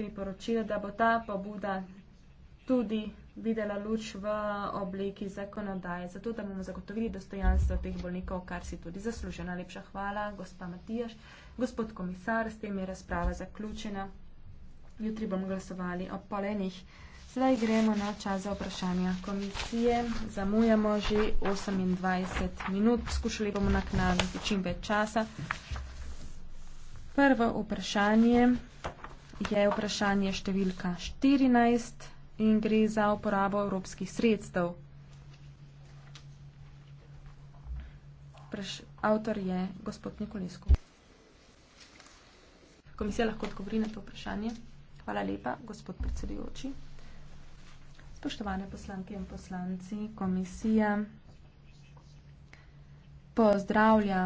priporočila, da bo ta pobuda tudi videla luč v obliki zakonodaje, zato da bomo zagotovili dostojanstvo teh bolnikov, kar si tudi zaslužijo. Najlepša hvala, gospa Matijaš, gospod komisar, s tem je razprava zaključena. Jutri bomo glasovali o polenih. Zdaj gremo na čas za vprašanja komisije. Zamujamo že 28 minut, skušali bomo naknaditi čim več časa. Prvo vprašanje je vprašanje številka 14 in gre za uporabo evropskih sredstev. Praš Avtor je gospod Nikolesko. Komisija lahko odgovori na to vprašanje. Hvala lepa, gospod predsedujoči. Spoštovane poslanke in poslanci, komisija pozdravlja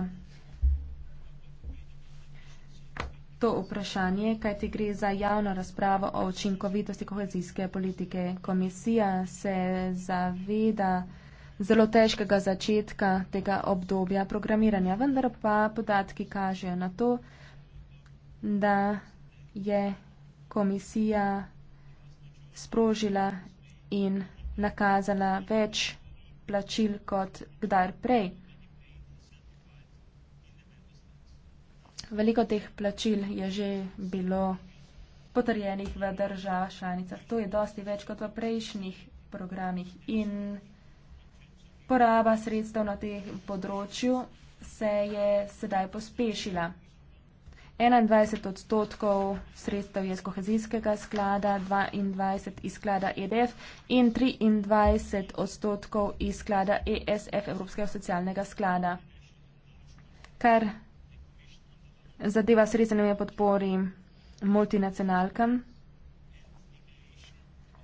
to vprašanje, kajti gre za javno razpravo o učinkovitosti kohezijske politike. Komisija se zaveda zelo težkega začetka tega obdobja programiranja, vendar pa podatki kažejo na to, da je komisija sprožila in nakazala več plačil kot kdaj prej. veliko teh plačil je že bilo potrjenih v državah članicah. To je dosti več kot v prejšnjih programih in poraba sredstev na tem področju se je sedaj pospešila. 21 odstotkov sredstev je iz kohezijskega sklada, 22 iz sklada EDF in 23 odstotkov iz sklada ESF Evropskega socialnega sklada. Kar zadeva srezanje podpori multinacionalkam.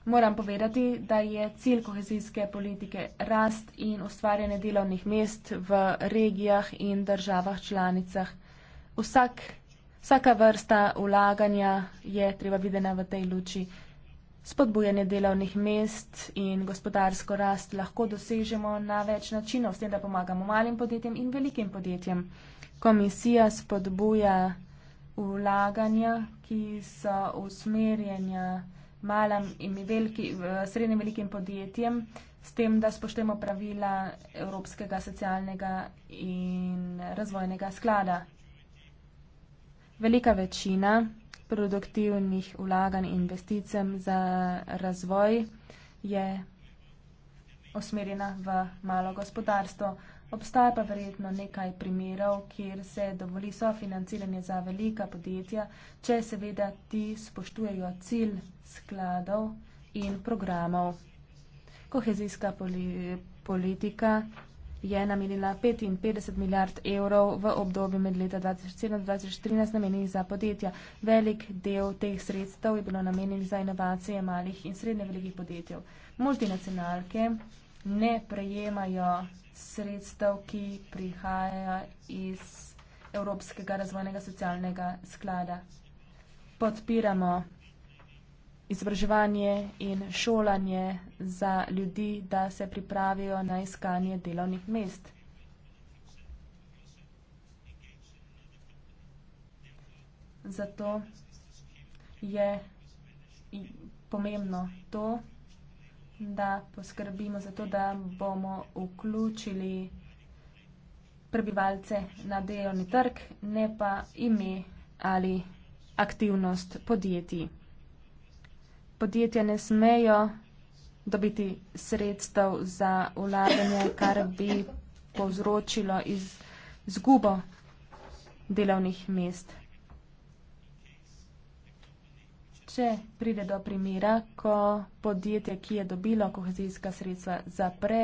Moram povedati, da je cilj kohezijske politike rast in ustvarjanje delovnih mest v regijah in državah članicah. Vsak, vsaka vrsta ulaganja je treba videna v tej luči. Spodbujanje delovnih mest in gospodarsko rast lahko dosežemo na več načinov, s tem, da pomagamo malim podjetjem in velikim podjetjem komisija spodbuja vlaganja, ki so usmerjena malim in veliki, srednjim velikim podjetjem, s tem, da spoštujemo pravila Evropskega socialnega in razvojnega sklada. Velika večina produktivnih vlaganj in investicij za razvoj je osmerjena v malo gospodarstvo. Obstaja pa verjetno nekaj primerov, kjer se dovoli sofinanciranje za velika podjetja, če seveda ti spoštujejo cilj skladov in programov. Kohezijska poli politika je namenila 55 milijard evrov v obdobju med leta 2007-2013 namenjenih za podjetja. Velik del teh sredstev je bilo namenjen za inovacije malih in srednje velikih podjetjev. Multinacionalke ne prejemajo sredstev, ki prihajajo iz Evropskega razvojnega socialnega sklada. Podpiramo izobraževanje in šolanje za ljudi, da se pripravijo na iskanje delovnih mest. Zato je pomembno to, da poskrbimo za to, da bomo vključili prebivalce na delovni trg, ne pa ime ali aktivnost podjetij. Podjetja ne smejo dobiti sredstev za vlaganje, kar bi povzročilo izgubo delovnih mest. če pride do primera, ko podjetje, ki je dobilo kohezijska sredstva, zapre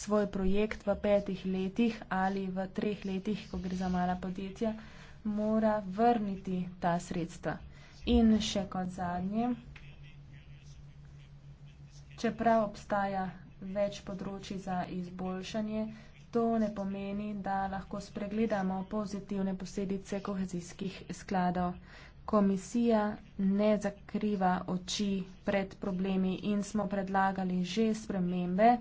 svoj projekt v petih letih ali v treh letih, ko gre za mala podjetja, mora vrniti ta sredstva. In še kot zadnje, čeprav obstaja več področji za izboljšanje, to ne pomeni, da lahko spregledamo pozitivne posledice kohezijskih skladov komisija ne zakriva oči pred problemi in smo predlagali že spremembe,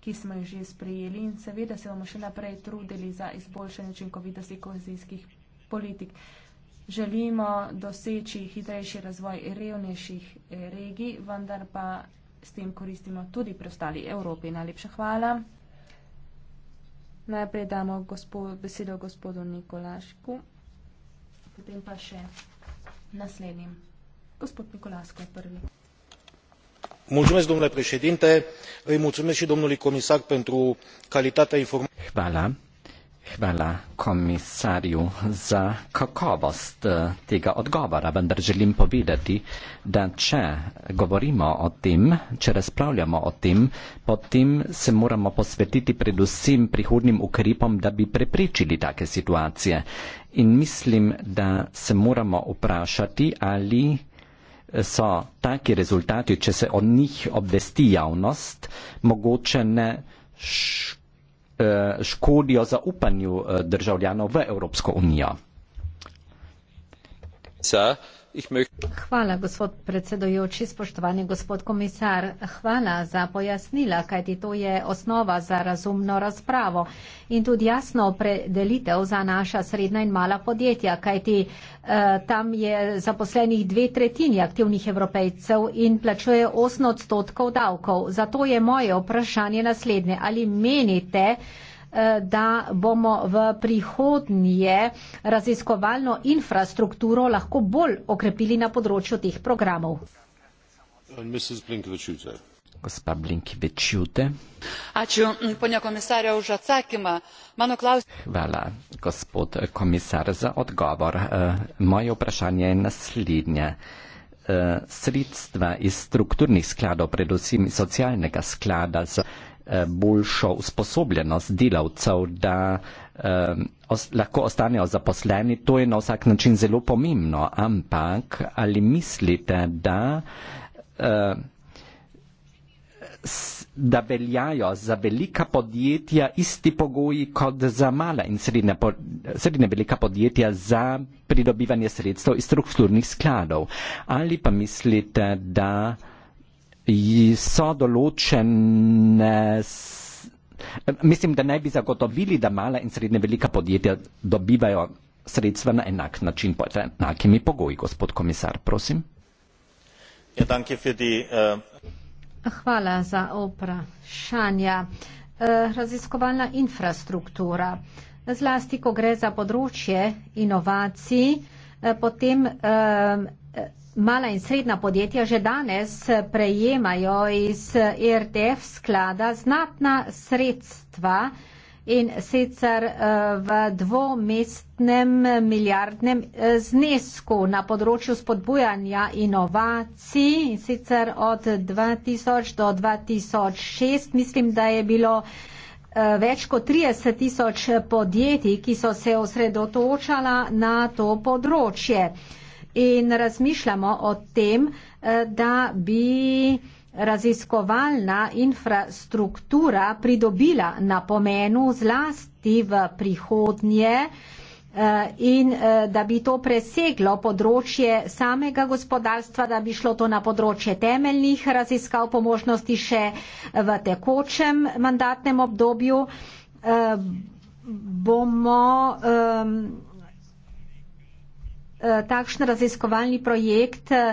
ki smo jih že sprejeli in seveda se bomo še naprej trudili za izboljšanje učinkovitosti kohezijskih politik. Želimo doseči hitrejši razvoj revnejših eh, regij, vendar pa s tem koristimo tudi preostali Evropi. Najlepša hvala. Najprej damo gospod, besedo gospodu Nikolašku, potem pa še naslednjim. Gospod Nikolasko je prvi. Mulțumesc, domnule președinte. Îi mulțumesc și domnului comisar pentru calitatea informației. Hvala komisarju za kakovost eh, tega odgovora, vendar želim povedati, da če govorimo o tem, če razpravljamo o tem, potem se moramo posvetiti predvsem prihodnim ukrepom, da bi preprečili take situacije. In mislim, da se moramo vprašati, ali so taki rezultati, če se o njih obvesti javnost, mogoče ne škodijo Eh, škodijo zaupanju eh, državljanov v evropsko unijo. Hvala, gospod predsedojoči, spoštovani gospod komisar. Hvala za pojasnila, kajti to je osnova za razumno razpravo in tudi jasno opredelitev za naša srednja in mala podjetja, kajti eh, tam je zaposlenih dve tretjini aktivnih evropejcev in plačuje 8 odstotkov davkov. Zato je moje vprašanje naslednje. Ali menite, Eh, da bomo v prihodnje raziskovalno infrastrukturo lahko bolj okrepili na področju teh programov. Uh, Gospa Blinkevičute. Mm, Hvala, gospod komisar, za odgovor. Eh, moje vprašanje je naslednje. Eh, sredstva iz strukturnih skladov, predvsem socialnega sklada za Eh, boljšo usposobljenost delavcev, da eh, os, lahko ostanejo zaposleni. To je na vsak način zelo pomembno, ampak ali mislite, da, eh, s, da veljajo za velika podjetja isti pogoji kot za mala in srednja, po, srednja velika podjetja za pridobivanje sredstev iz strukturnih skladov? Ali pa mislite, da eh, so določene, mislim, da naj bi zagotovili, da mala in srednje velika podjetja dobivajo sredstva na enak način, pod enakimi pogoji, gospod komisar, prosim. Ja, danke für die, uh... Hvala za vprašanja. Eh, raziskovalna infrastruktura. Zlasti, ko gre za področje inovacij, eh, potem mala in srednja podjetja že danes prejemajo iz IRTF e sklada znatna sredstva in sicer eh, v dvomestnem milijardnem eh, znesku na področju spodbujanja inovacij in sicer od 2000 do 2006. Mislim, da je bilo eh, več kot 30 tisoč podjetij, ki so se osredotočala na to področje in razmišljamo o tem, eh, da bi raziskovalna infrastruktura pridobila na pomenu zlasti v prihodnje eh, in eh, da bi to preseglo področje samega gospodarstva, da bi šlo to na področje temeljnih raziskav po možnosti še v tekočem mandatnem obdobju, bomo um, Eh, takšen raziskovalni projekt eh,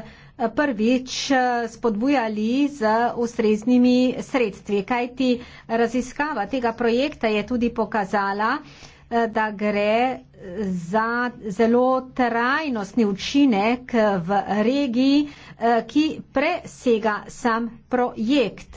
prvič eh, spodbujali z ustreznimi sredstvi. Kajti raziskava tega projekta je tudi pokazala, da gre za zelo trajnostni učinek v regiji, ki presega sam projekt.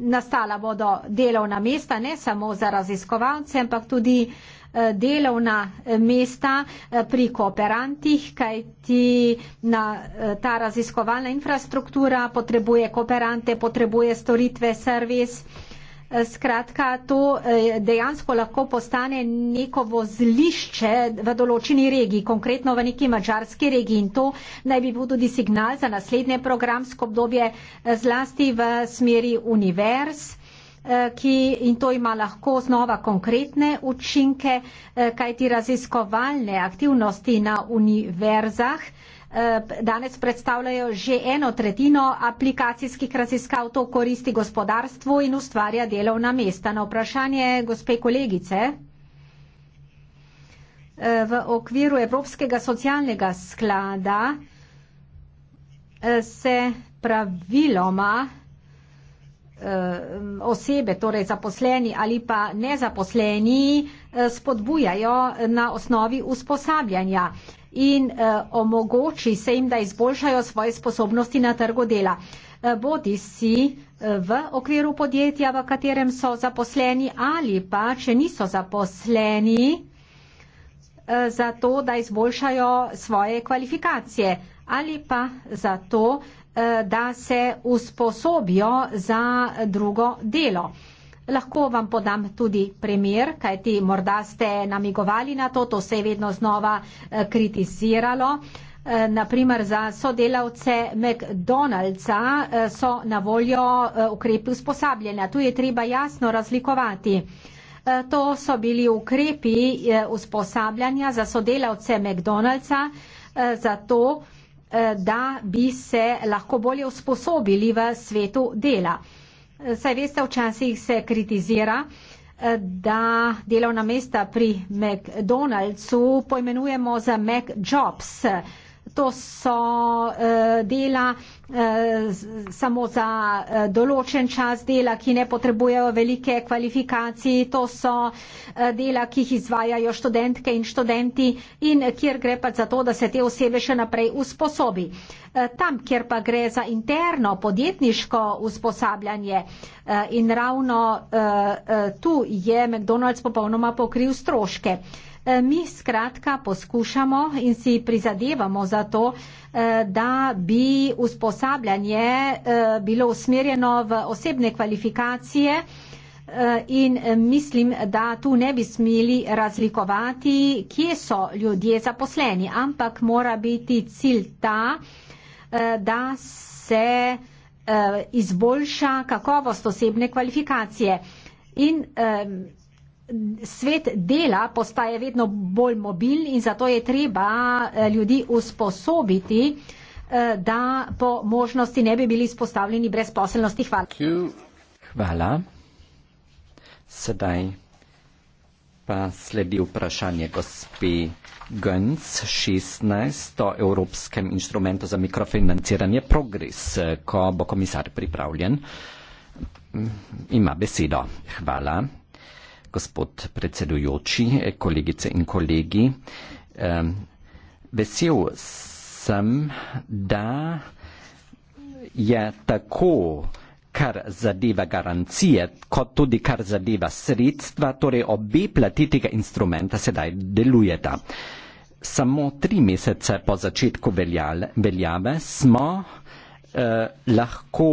Nastala bodo delovna mesta ne samo za raziskovalce, ampak tudi Eh, delovna eh, mesta eh, pri kooperantih, kajti na ta raziskovalna infrastruktura potrebuje kooperante, potrebuje storitve, servis. Skratka, to dejansko lahko postane neko vozlišče v določeni regiji, konkretno v neki mačarski regiji in to naj bi bil tudi signal za naslednje programsko obdobje zlasti v smeri univerz. Eh, ki in to ima lahko znova konkretne učinke, eh, kajti raziskovalne aktivnosti na univerzah eh, danes predstavljajo že eno tretjino aplikacijskih raziskav, to koristi gospodarstvu in ustvarja delovna mesta. Na vprašanje gospe kolegice. V okviru Evropskega socialnega sklada se praviloma Eh, osebe, torej zaposleni ali pa nezaposleni, eh, spodbujajo na osnovi usposabljanja in eh, omogoči se jim, da izboljšajo svoje sposobnosti na trgu dela. Bodi si v okviru podjetja, v katerem so zaposleni ali pa, če niso zaposleni, zato, da izboljšajo svoje kvalifikacije ali pa zato, da Eh, da se usposobijo za drugo delo. Lahko vam podam tudi primer, kajti morda ste namigovali na to, to se je vedno znova eh, kritiziralo. Eh, Naprimer, za sodelavce McDonald'sa so na voljo ukrepi usposabljanja. Tu je treba jasno razlikovati. To so bili ukrepi usposabljanja za sodelavce McDonald'sa, zato, Eh, da bi se lahko bolje usposobili v svetu dela. Eh, saj veste, včasih se kritizira, eh, da delovna mesta pri McDonald'su pojmenujemo za McJobs. Jobs to so eh, dela eh, samo za eh, določen čas, dela, ki ne potrebujejo velike kvalifikacije, to so dela, ki jih izvajajo študentke in študenti in kjer gre pa za to, da se te osebe še naprej usposobi. Tam, kjer pa gre za interno podjetniško usposabljanje in ravno tu je McDonald's popolnoma pokril stroške. E, mi skratka poskušamo in si prizadevamo za to, e, da bi usposabljanje e, bilo usmerjeno v osebne kvalifikacije in mislim, da tu ne bi smeli razlikovati, kje so ljudje zaposleni, ampak mora biti cilj ta, da se izboljša kakovost osebne kvalifikacije. In svet dela postaje vedno bolj mobilen in zato je treba eh, ljudi usposobiti, eh, da po možnosti ne bi bili izpostavljeni brezposelnosti. Hvala. Hvala. Sedaj pa sledi vprašanje gospi Gönc 16 o Evropskem inštrumentu za mikrofinanciranje Progres, ko bo komisar pripravljen. Mm, ima besedo. Hvala gospod predsedujoči, kolegice in kolegi. Vesel sem, da je tako, kar zadeva garancije, kot tudi kar zadeva sredstva, torej obe plati tega instrumenta sedaj delujeta. Samo tri mesece po začetku veljave smo eh, lahko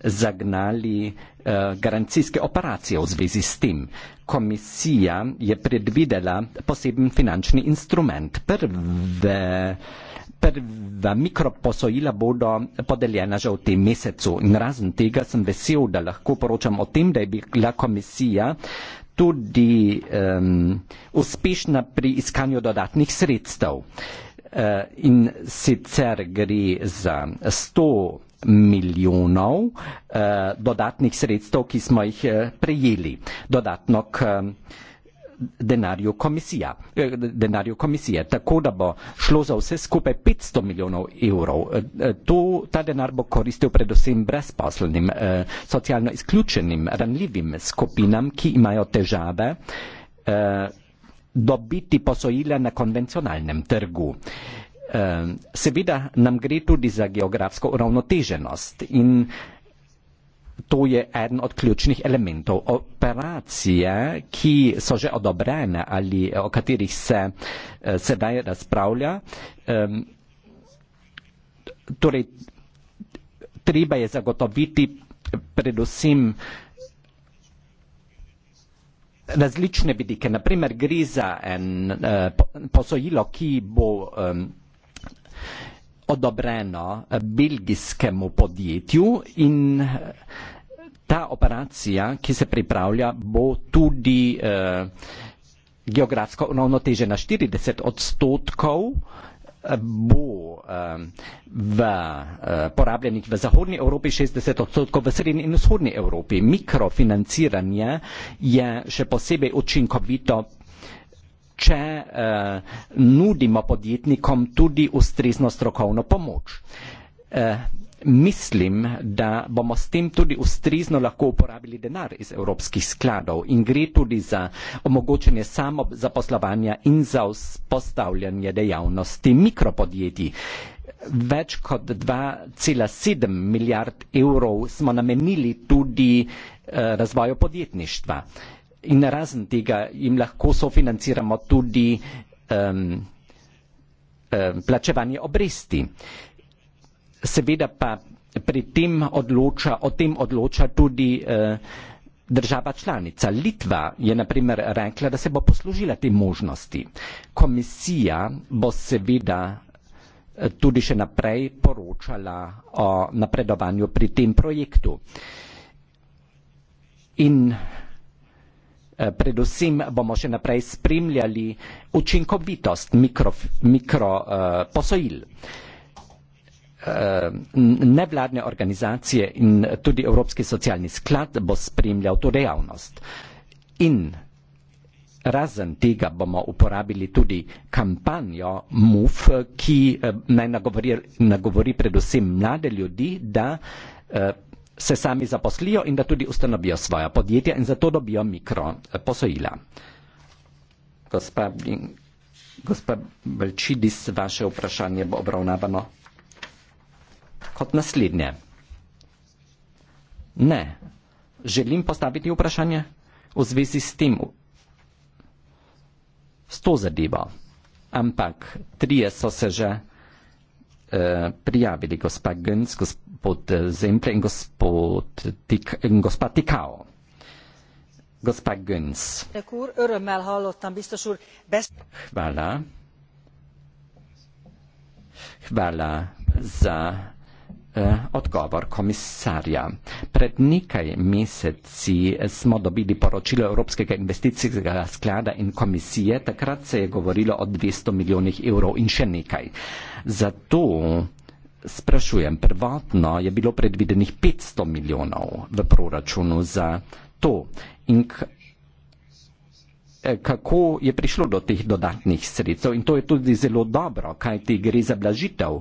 zagnali eh, garancijske operacije v zvezi s tem komisija je predvidela poseben finančni instrument. Prve, prva mikroposojila bodo podeljena že v tem mesecu in razen tega sem vesel, da lahko poročam o tem, da je bila komisija tudi um, uspešna pri iskanju dodatnih sredstev. Uh, in sicer gre za 100 milijonov eh, dodatnih sredstev, ki smo jih eh, prejeli, dodatno k eh, denarju komisija, eh, denarju komisije. Tako da bo šlo za vse skupaj 500 milijonov evrov. Eh, eh, to, ta denar bo koristil predvsem brezposlenim, eh, socialno izključenim, ranljivim skupinam, ki imajo težave. Eh, dobiti posojila na konvencionalnem trgu. Uh, Ehm, seveda nam gre tudi za geografsko uravnoteženost in to je eden od ključnih elementov. Operacije, ki so že odobrene ali o katerih se eh, sedaj razpravlja, ehm, torej treba je zagotoviti predvsem različne vidike. Naprimer gre za en eh, posojilo, ki bo vsega ehm, odobreno eh, belgijskemu podjetju in eh, ta operacija, ki se pripravlja, bo tudi eh, geografsko ravnotežena 40 odstotkov eh, bo v, porabljenih v Zahodnji Evropi 60 odstotkov, v Srednji in Vzhodnji Evropi. Mikrofinanciranje je še posebej učinkovito če eh, nudimo podjetnikom tudi ustrezno strokovno pomoč. Eh, mislim, da bomo s tem tudi ustrezno lahko uporabili denar iz evropskih skladov in gre tudi za omogočanje samo zaposlovanja in za vzpostavljanje dejavnosti mikropodjetij. Več kot 2,7 milijard evrov smo namenili tudi eh, razvoju podjetništva. Eh, in razen tega jim lahko sofinanciramo tudi um, um, plačevanje obresti. Seveda pa pri tem odloča, o tem odloča tudi uh, država članica. Litva je naprimer rekla, da se bo poslužila te možnosti. Komisija bo seveda e, tudi še naprej poročala o napredovanju pri tem projektu. In Eh, predvsem bomo še naprej spremljali učinkovitost mikroposojil. Mikro, uh, nevladne organizacije in tudi Evropski socialni sklad bo spremljal to dejavnost. In razen tega bomo uporabili tudi kampanjo MUF, ki naj nagovori, nagovori predvsem mlade ljudi, da se sami zaposlijo in da tudi ustanovijo svoja podjetja in zato dobijo mikroposojila. Eh, gospa, gospa Belčidis, vaše vprašanje bo obravnavano kot naslednje. Ne, želim postaviti vprašanje v zvezi s tem, s to zadevo, ampak trije so se že eh, prijavili, gospa Gens, gospa pod exemple en gospod tic, en gospa Tikao. Gospa Göns. örömmel hallottam, biztos úr. Besz... Hvala. Hvala za eh, odgovor komisarja. Pred nekaj meseci smo dobili poročilo Evropskega investicijskega sklada in komisije, takrat se je govorilo o 200 milijonih evrov in še nekaj. Zato sprašujem. Prvotno je bilo predvidenih 500 milijonov v proračunu za to. In eh, kako je prišlo do teh dodatnih sredstev in to je tudi zelo dobro, kaj ti gre za blažitev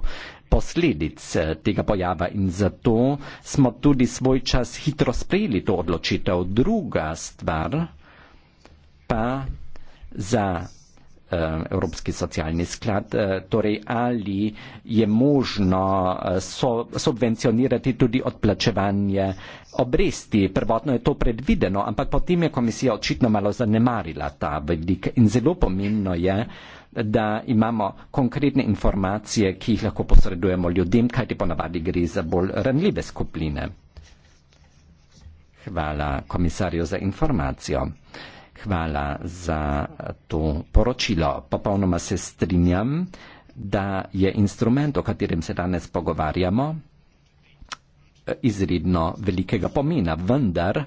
posledic eh, tega pojava in zato smo tudi svoj čas hitro sprejeli to odločitev. Druga stvar pa za Eh, Evropski socialni sklad, eh, torej ali je možno eh, so, subvencionirati tudi odplačevanje obresti. Prvotno je to predvideno, ampak potem je komisija očitno malo zanemarila ta vidik in zelo pomembno je, da imamo konkretne informacije, ki jih lahko posredujemo ljudem, kajti ponavadi gre za bolj ranljive skupline. Hvala komisarju za informacijo hvala za to poročilo. Popolnoma se strinjam, da je instrument, o katerem se danes pogovarjamo, izredno velikega pomena, vendar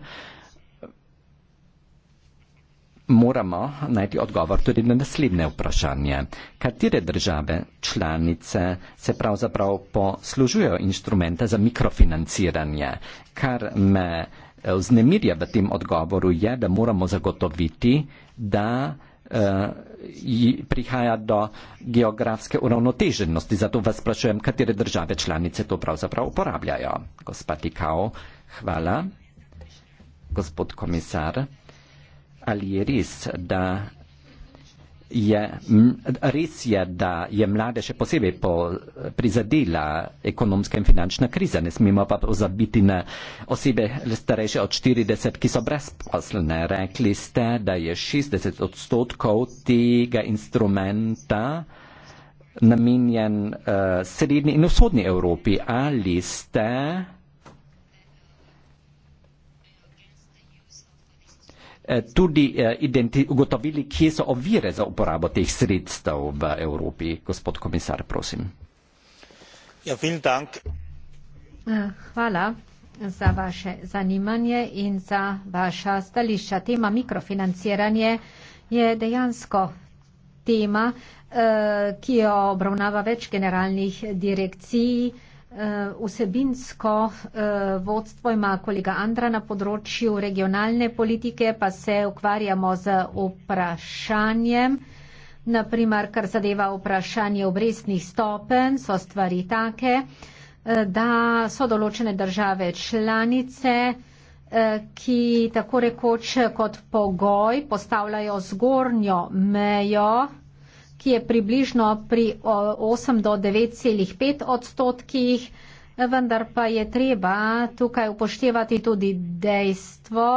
moramo najti odgovor tudi na naslednje vprašanje. Katere države članice se pravzaprav poslužujejo instrumenta za mikrofinanciranje, kar me Eh, vznemirja v tem odgovoru, je, da moramo zagotoviti, da eh, prihaja do geografske uravnoteženosti. Zato vas sprašujem, katere države članice to pravzaprav uporabljajo. Gospa Tikao, hvala. Gospod komisar, ali je res, da je, res je, da je mlade še posebej po, prizadela ekonomska in finančna kriza. Ne smemo pa pozabiti na osebe starejše od 40, ki so brezposlene. Rekli ste, da je 60 odstotkov tega instrumenta namenjen uh, srednji in vzhodni Evropi. Ali ste Eh, tudi eh, ugotovili, kje so ovire za uporabo teh sredstev v Evropi. Gospod komisar, prosim. Ja, dank. Eh, hvala za vaše zanimanje in za vaša stališča. Tema mikrofinanciranje je dejansko tema, ki jo obravnava več generalnih direkcij. Eh, vsebinsko eh, vodstvo ima kolega Andra na področju regionalne politike, pa se ukvarjamo z vprašanjem. Naprimer, kar zadeva vprašanje obrestnih stopen, so stvari take, eh, da so določene države članice, ki tako rekoč kot pogoj postavljajo zgornjo mejo ki je približno pri 8 do 9,5 odstotkih, vendar pa je treba tukaj upoštevati tudi dejstvo,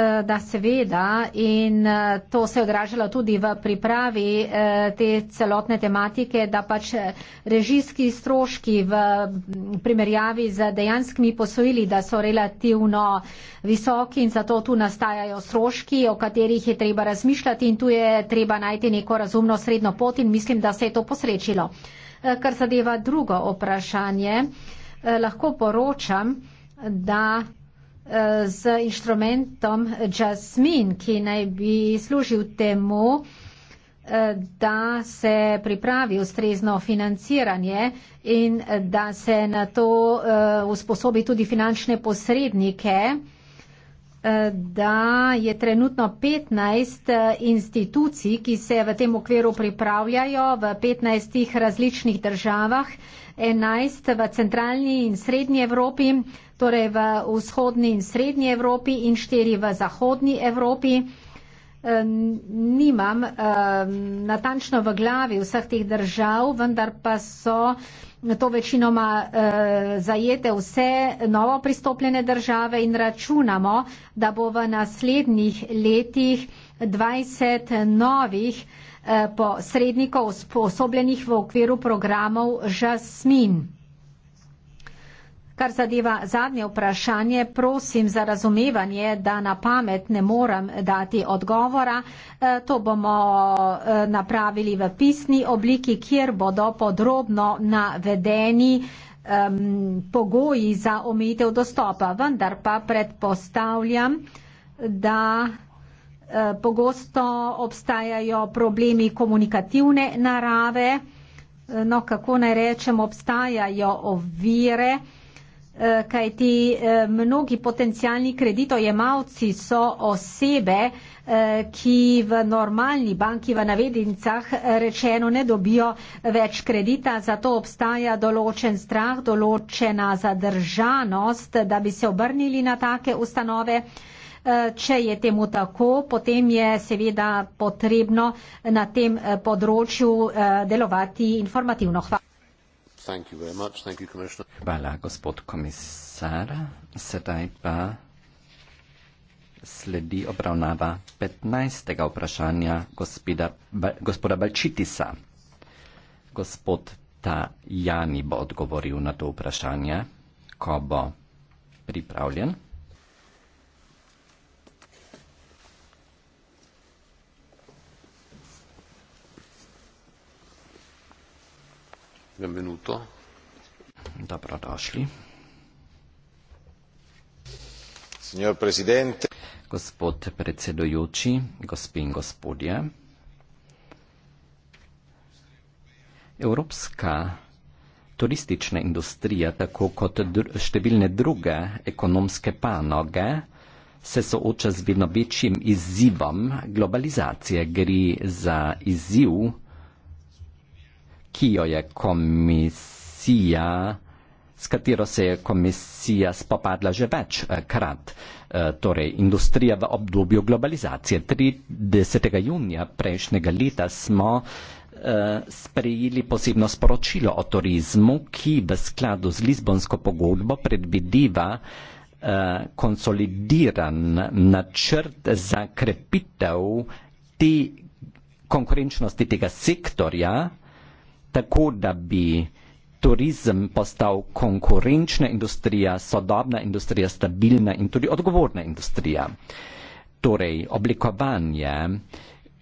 Eh, da seveda in eh, to se je odražalo tudi v pripravi eh, te celotne tematike, da pač režijski stroški v primerjavi z dejanskimi posojili, da so relativno visoki in zato tu nastajajo stroški, o katerih je treba razmišljati in tu je treba najti neko razumno srednjo pot in mislim, da se je to posrečilo. Kar zadeva drugo vprašanje, lahko poročam, da z inštrumentom Jasmin, ki naj bi služil temu, eh, da se pripravi ustrezno financiranje in da se na to eh, usposobi tudi finančne posrednike da je trenutno 15 eh, institucij, ki se v tem okviru pripravljajo v 15 različnih državah, 11 v centralni in srednji Evropi, torej v vzhodni in srednji Evropi in 4 v zahodni Evropi. Eh, nimam eh, natančno v glavi vseh teh držav, vendar pa so to večinoma eh, zajete vse novo pristopljene države in računamo, da bo v naslednjih letih 20 novih eh, posrednikov usposobljenih v okviru programov Jasmin. Kar zadeva zadnje vprašanje, prosim za razumevanje, da na pamet ne moram dati odgovora. E, to bomo e, napravili v pisni obliki, kjer bodo podrobno navedeni um, pogoji za omejitev dostopa. Vendar pa predpostavljam, da e, pogosto obstajajo problemi komunikativne narave, no kako naj rečem, obstajajo ovire. Eh, kajti eh, mnogi potencijalni kreditojemalci so osebe, eh, ki v normalni banki v navednicah rečeno ne dobijo več kredita, zato obstaja določen strah, določena zadržanost, da bi se obrnili na take ustanove. Če je temu tako, potem je seveda potrebno na tem področju delovati informativno. Hvala. Hvala, gospod komisar. Sedaj pa sledi obravnava 15. vprašanja gospoda, gospoda Balčitisa. Gospod Tajani bo odgovoril na to vprašanje, ko bo pripravljen. benvenuto. Dobrodošli. Signor Presidente. Gospod predsedujoči, gospe in gospodje. Evropska turistična industrija, tako kot dr številne druge ekonomske panoge, se sooča z vedno večjim izzivom globalizacije. Gre za izziv ki jo je komisija, s katero se je komisija spopadla že večkrat, e, torej industrija v obdobju globalizacije. 30. junija prejšnjega leta smo e, sprejeli posebno sporočilo o turizmu, ki v skladu z Lizbonsko pogodbo predvideva e, konsolidiran načrt za krepitev te konkurenčnosti tega sektorja, tako da bi turizem postal konkurenčna industrija, sodobna industrija, stabilna in tudi odgovorna industrija. Torej, oblikovanje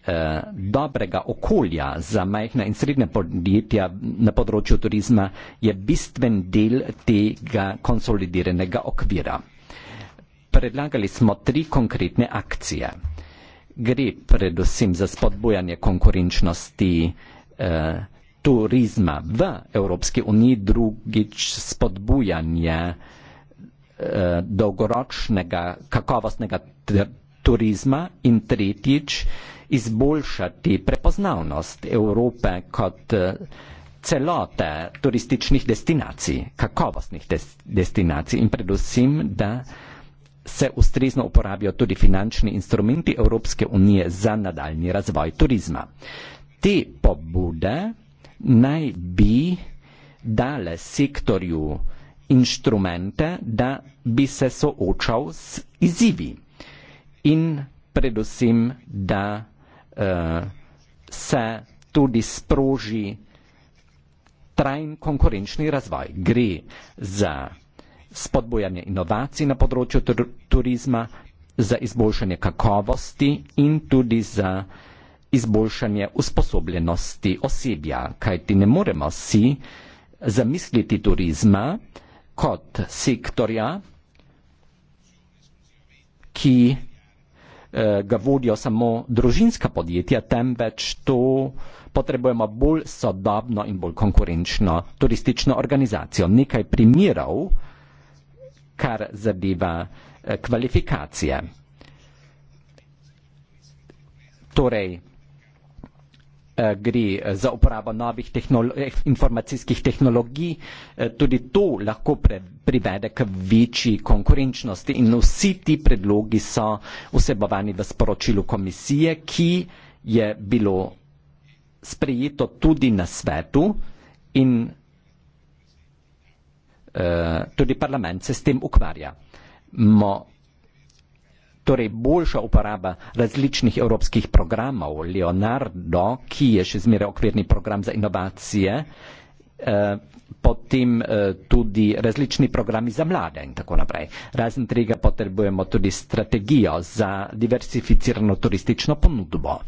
eh, dobrega okolja za majhna in srednja podjetja na področju turizma je bistven del tega konsolidiranega okvira. Predlagali smo tri konkretne akcije. Gre predvsem za spodbojanje konkurenčnosti eh, turizma v Evropski uniji, drugič spodbujanje eh, dolgoročnega kakovostnega turizma in tretjič izboljšati prepoznavnost Evrope kot eh, celote turističnih destinacij, kakovostnih des destinacij in predvsem, da se ustrezno uporabijo tudi finančni instrumenti Evropske unije za nadaljni razvoj turizma. Te pobude naj bi dale sektorju inštrumente, da bi se soočal z izzivi in predvsem, da uh, se tudi sproži trajen konkurenčni razvoj. Gre za spodbojanje inovacij na področju turizma, za izboljšanje kakovosti in tudi za uh, izboljšanje usposobljenosti osebja, kajti ne moremo si zamisliti turizma kot sektorja, ki eh, ga vodijo samo družinska podjetja, temveč to potrebujemo bolj sodobno in bolj konkurenčno turistično organizacijo. Nekaj primerov, kar zadeva eh, kvalifikacije. Torej, Eh, gre za uporabo novih tehnolo eh, informacijskih tehnologij, eh, tudi to lahko privede k večji konkurenčnosti in vsi ti predlogi so vsebovani v sporočilu komisije, ki je bilo sprejeto tudi na svetu in tudi parlament se s tem ukvarja. Mo torej boljša uporaba različnih evropskih programov, Leonardo, ki je še zmeraj okvirni program za inovacije, eh, potem eh, tudi različni programi za mlade in tako naprej. Razen tega potrebujemo tudi strategijo za diversificirano turistično ponudbo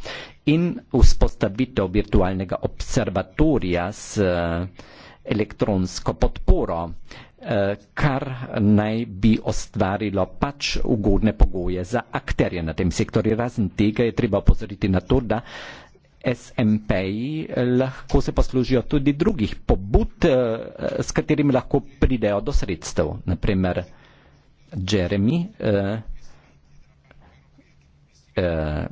in vzpostavitev virtualnega observatorija s eh, elektronsko podporo. Eh, kar naj bi ustvarilo pač ugodne pogoje za akterje na tem sektorju. Razen tega je treba opozoriti na to, da SMP-ji lahko se poslužijo tudi drugih pobud, eh, s katerimi lahko pridejo do sredstev. Naprimer, Jeremy, eh, eh,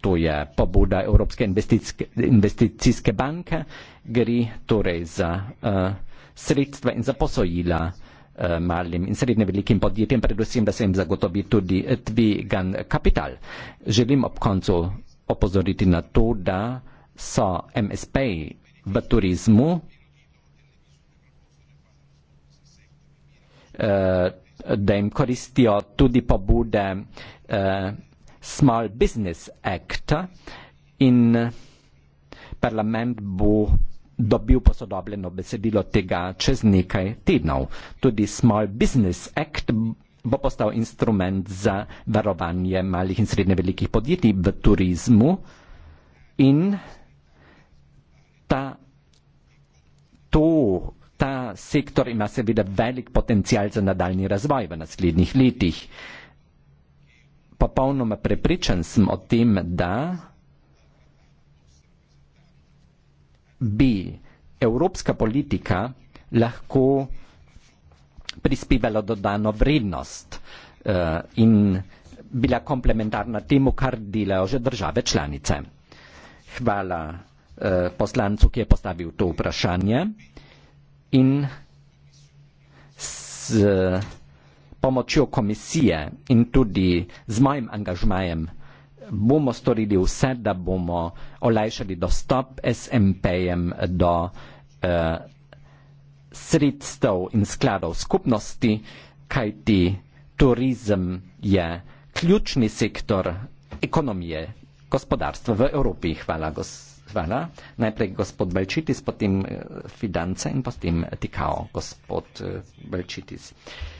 to je pobuda Evropske investic investicijske banke, gre torej za. Eh, sredstva in za posojila eh, malim in srednje velikim podjetjem, predvsem, da se jim zagotovi tudi eh, tvigan kapital. Želim ob koncu opozoriti na to, da so MSP v turizmu eh, da jim koristijo tudi pobude Small Business Act in parlament bo dobil posodobljeno besedilo tega čez nekaj tednov. Tudi Small Business Act bo postal instrument za varovanje malih in srednje velikih podjetij v turizmu in ta, to, ta sektor ima seveda velik potencial za nadaljni razvoj v naslednjih letih. Popolnoma prepričan sem o tem, da bi evropska politika lahko prispevala dodano vrednost uh, in bila komplementarna temu, kar delajo že države članice. Hvala uh, poslancu, ki je postavil to vprašanje in s uh, pomočjo komisije in tudi z mojim angažmajem bomo storili vse, da bomo olajšali dostop SMP-jem do eh, sredstev in skladov skupnosti, kajti turizem je ključni sektor ekonomije, gospodarstva v Evropi. Hvala, gos hvala. Najprej gospod Belčitis, potem eh, Fidance in potem Tikao, gospod eh, Belčitis. Eh,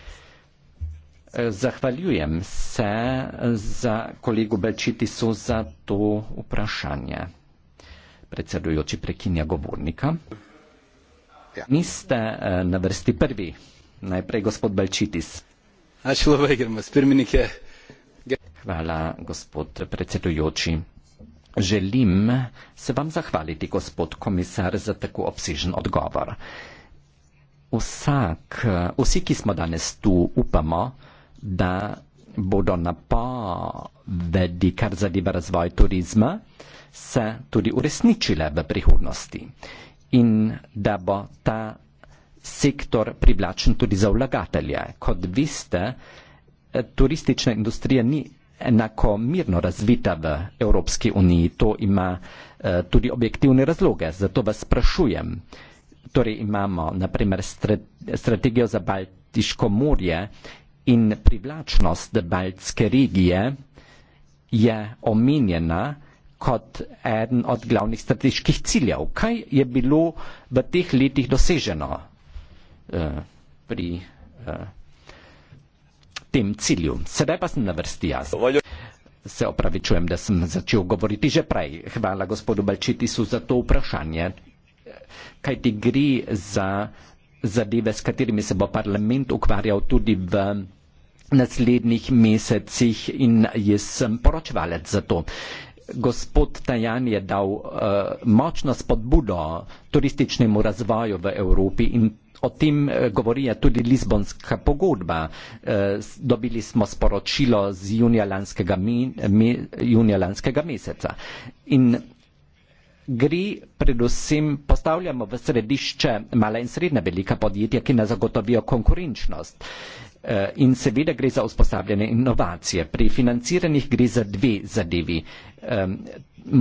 Zahvaljujem se za kolegu Belčitisu za to vprašanje. Predsedujoči prekinja govornika. Ja. Niste eh, na vrsti prvi. Najprej gospod Belčitis. Hvala, gospod predsedujoči. Želim se vam zahvaliti, gospod komisar, za tako obsežen odgovor. Vsak, eh, vsi, ki smo danes tu, upamo, da bodo napovedi, kar zadeva razvoj turizma, se tudi uresničile v prihodnosti in da bo ta sektor privlačen tudi za vlagatelje. Kot veste, turistična industrija ni enakomirno razvita v Evropski uniji. To ima eh, tudi objektivne razloge. Zato vas sprašujem. Torej imamo, naprimer, strategijo za Baltiško morje in privlačnost baltske regije je omenjena kot eden od glavnih strateških ciljev. Kaj je bilo v teh letih doseženo uh, pri uh, tem cilju? Sedaj pa sem na vrsti jaz. Se opravičujem, da sem začel govoriti že prej. Hvala gospodu Balčitisu za to vprašanje. Kaj ti gre za zadeve, s katerimi se bo parlament ukvarjal tudi v naslednjih mesecih in jaz sem poročevalec za to. Gospod Tajan je dal uh, močno spodbudo turističnemu razvoju v Evropi in o tem eh, govori tudi Lizbonska pogodba. Uh, dobili smo sporočilo z junija lanskega, me, me, junija lanskega meseca. In gre predvsem, postavljamo v središče mala in srednja velika podjetja, ki nas zagotovijo konkurenčnost. Uh, Eh, in seveda gre za usposabljanje inovacije. Pri financiranih gre za dve zadevi.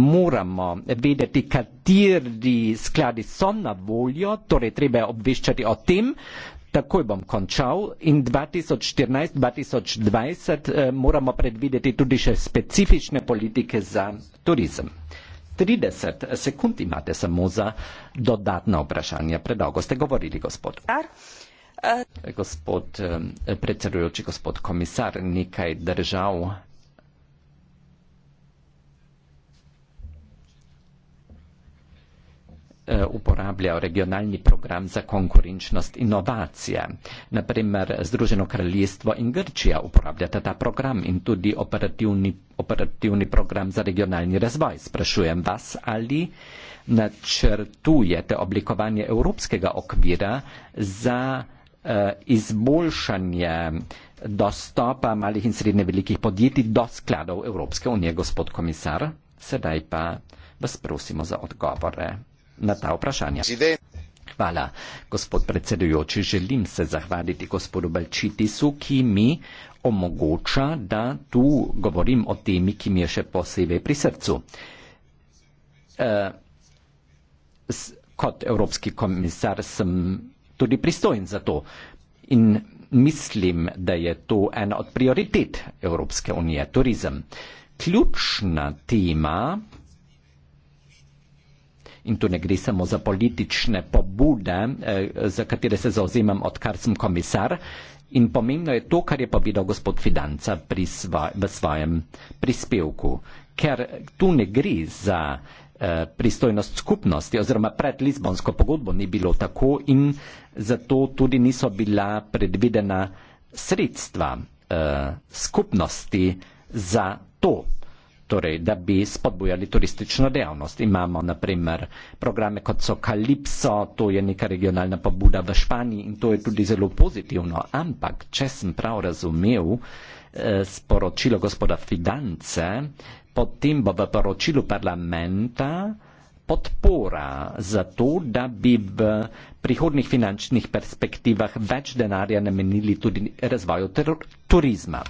Moramo vedeti, kateri skladi so na voljo, torej treba je obveščati o tem, takoj bom končal in 2014-2020 eh, moramo predvideti tudi še specifične politike za turizem. 30 sekund imate samo za dodatna vprašanja. Predolgo ste govorili, gospod. Dar. Eh, gospod eh, predsedujoči, gospod komisar, nekaj držav eh, uporablja regionalni program za konkurenčnost inovacije. Naprimer, Združeno kraljestvo in Grčija uporabljata ta program in tudi operativni, operativni program za regionalni razvoj. Sprašujem vas, ali načrtujete oblikovanje evropskega okvira za Eh, izboljšanje dostopa malih in srednje velikih podjetij do skladov Evropske unije, gospod komisar. Sedaj pa vas prosimo za odgovore na ta vprašanja. Hvala, gospod predsedujoči. Želim se zahvaliti gospodu Balčitisu, ki mi omogoča, da tu govorim o temi, ki mi je še posebej pri srcu. Uh, s, kot evropski komisar sem tudi pristojen za to. In mislim, da je to ena od prioritet Evropske unije, turizem. Ključna tema, in tu ne gre samo za politične pobude, eh, za katere se zauzemam, odkar sem komisar, in pomembno je to, kar je povedal gospod Fidanca pri sva, v svojem prispevku, ker tu ne gre za eh, pristojnost skupnosti oziroma pred Lizbonsko pogodbo ni bilo tako in zato tudi niso bila predvidena sredstva eh, skupnosti za to, torej, da bi spodbujali turistično dejavnost. Imamo naprimer programe kot so Kalipso, to je neka regionalna pobuda v Španiji in to je tudi zelo pozitivno, ampak če sem prav razumel eh, sporočilo gospoda Fidance, potem bo v poročilu parlamenta eh, podpora za to, da bi v prihodnih finančnih perspektivah več denarja namenili tudi razvoju turizma.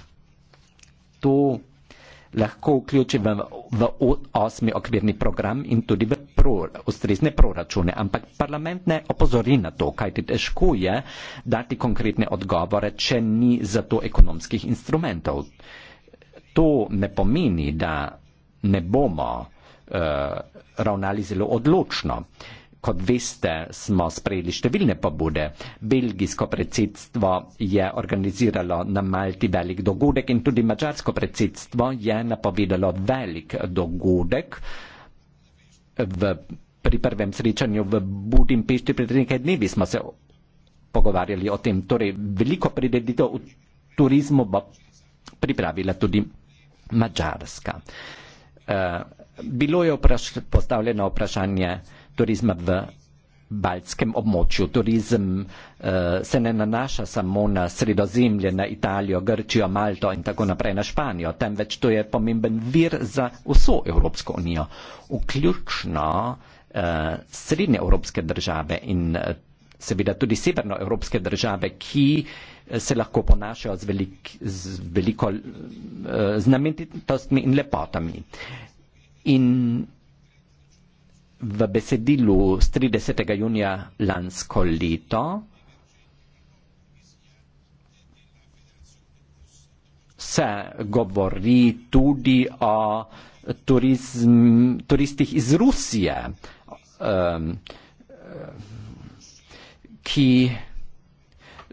To lahko vključi v, v osmi okvirni program in tudi v pro, ustrezne proračune, ampak parlament ne opozori na to, kaj ti težko je dati konkretne odgovore, če ni za to ekonomskih instrumentov. To ne pomeni, da ne bomo Eh, ravnali zelo odločno. Kot veste, smo sprejeli številne pobude. Belgijsko predsedstvo je organiziralo na Malti velik dogodek in tudi mačarsko predsedstvo je napovedalo velik dogodek v, pri prvem srečanju v Budimpešti. Pred nekaj dnevi smo se pogovarjali o tem. Torej, veliko prireditev v turizmu bo pripravila tudi mačarska. Uh, eh, bilo je vpraš, postavljeno vprašanje turizma v baltskem območju. Turizem uh, se ne nanaša samo na sredozemlje, na Italijo, Grčijo, Malto in tako naprej na Španijo, temveč to je pomemben vir za vso Evropsko unijo, vključno uh, eh, srednje evropske države in uh, seveda tudi severnoevropske države, ki se lahko ponašajo z, velik, z veliko uh, znamenitostmi in lepotami in v besedilu z 30. junija lansko leto se govori tudi o turizm, turistih iz Rusije, um, ki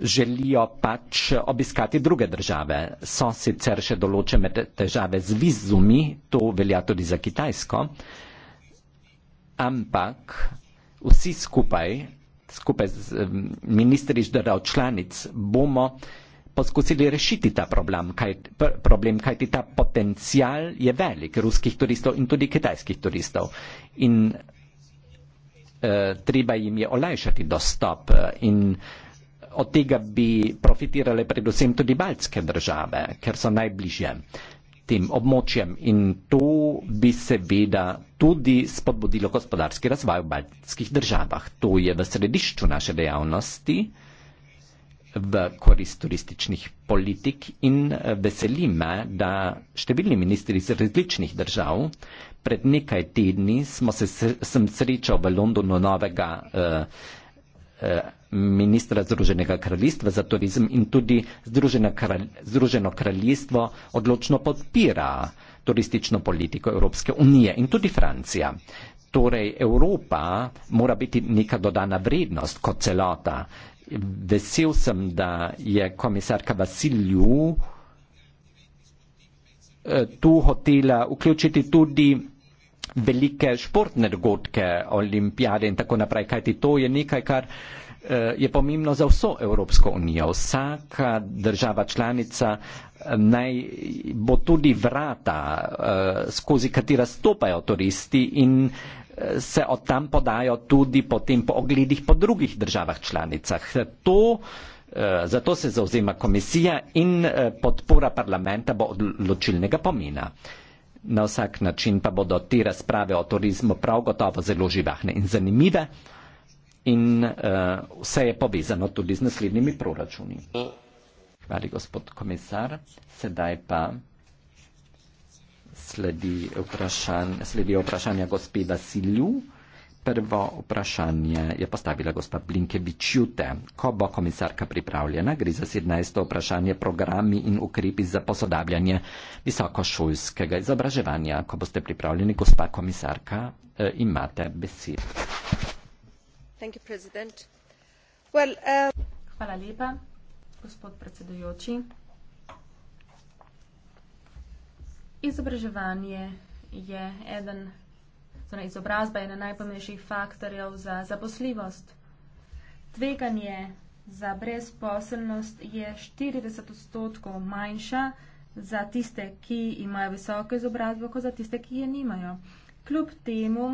želijo pač obiskati druge države. So sicer še določene težave z vizumi, to velja tudi za Kitajsko, ampak vsi skupaj, skupaj z ministri držav članic, bomo poskusili rešiti ta problem, kaj, pr problem, kajti ta potencial je velik ruskih turistov in tudi kitajskih turistov. In uh, treba jim je olajšati dostop eh, in uh, od tega bi profitirale predvsem tudi baltske države, ker so najbližje tem območjem in to bi seveda tudi spodbudilo gospodarski razvoj v baltskih državah. To je v središču naše dejavnosti v korist turističnih politik in eh, veseli me, da številni ministri iz različnih držav pred nekaj tedni smo se, sem srečal v Londonu novega eh, Eh, ministra Združenega kraljestva za turizem in tudi Združeno kraljestvo odločno podpira turistično politiko Evropske unije in tudi Francija. Torej Evropa mora biti neka dodana vrednost kot celota. Vesel sem, da je komisarka Vasilju eh, tu hotela vključiti tudi velike športne dogodke, olimpijade in tako naprej, kajti to je nekaj, kar eh, je pomembno za vso Evropsko unijo. Vsaka država članica eh, naj bo tudi vrata, eh, skozi katera stopajo turisti in se od tam podajo tudi potem po ogledih po drugih državah članicah. To, zato se zauzema komisija in podpora parlamenta bo odločilnega pomena. Na vsak način pa bodo te razprave o turizmu prav gotovo zelo živahne in zanimive in uh, vse je povezano tudi z naslednjimi proračuni. Hvala, gospod komisar. Sedaj pa sledi vprašanje, sledi vprašanje gospe Vasilju. Prvo vprašanje je postavila gospa Blinkevičute. Ko bo komisarka pripravljena, gre za 17. vprašanje programi in ukrepi za posodabljanje visokošolskega izobraževanja. Ko boste pripravljeni, gospa komisarka, eh, imate besedo. Well, uh... Hvala lepa, gospod predsedujoči. Izobraževanje je eden Zdaj, torej, izobrazba je ena najpomembnejših faktorjev za zaposljivost. Tveganje za brezposelnost je 40 odstotkov manjša za tiste, ki imajo visoko izobrazbo, kot za tiste, ki je nimajo. Kljub temu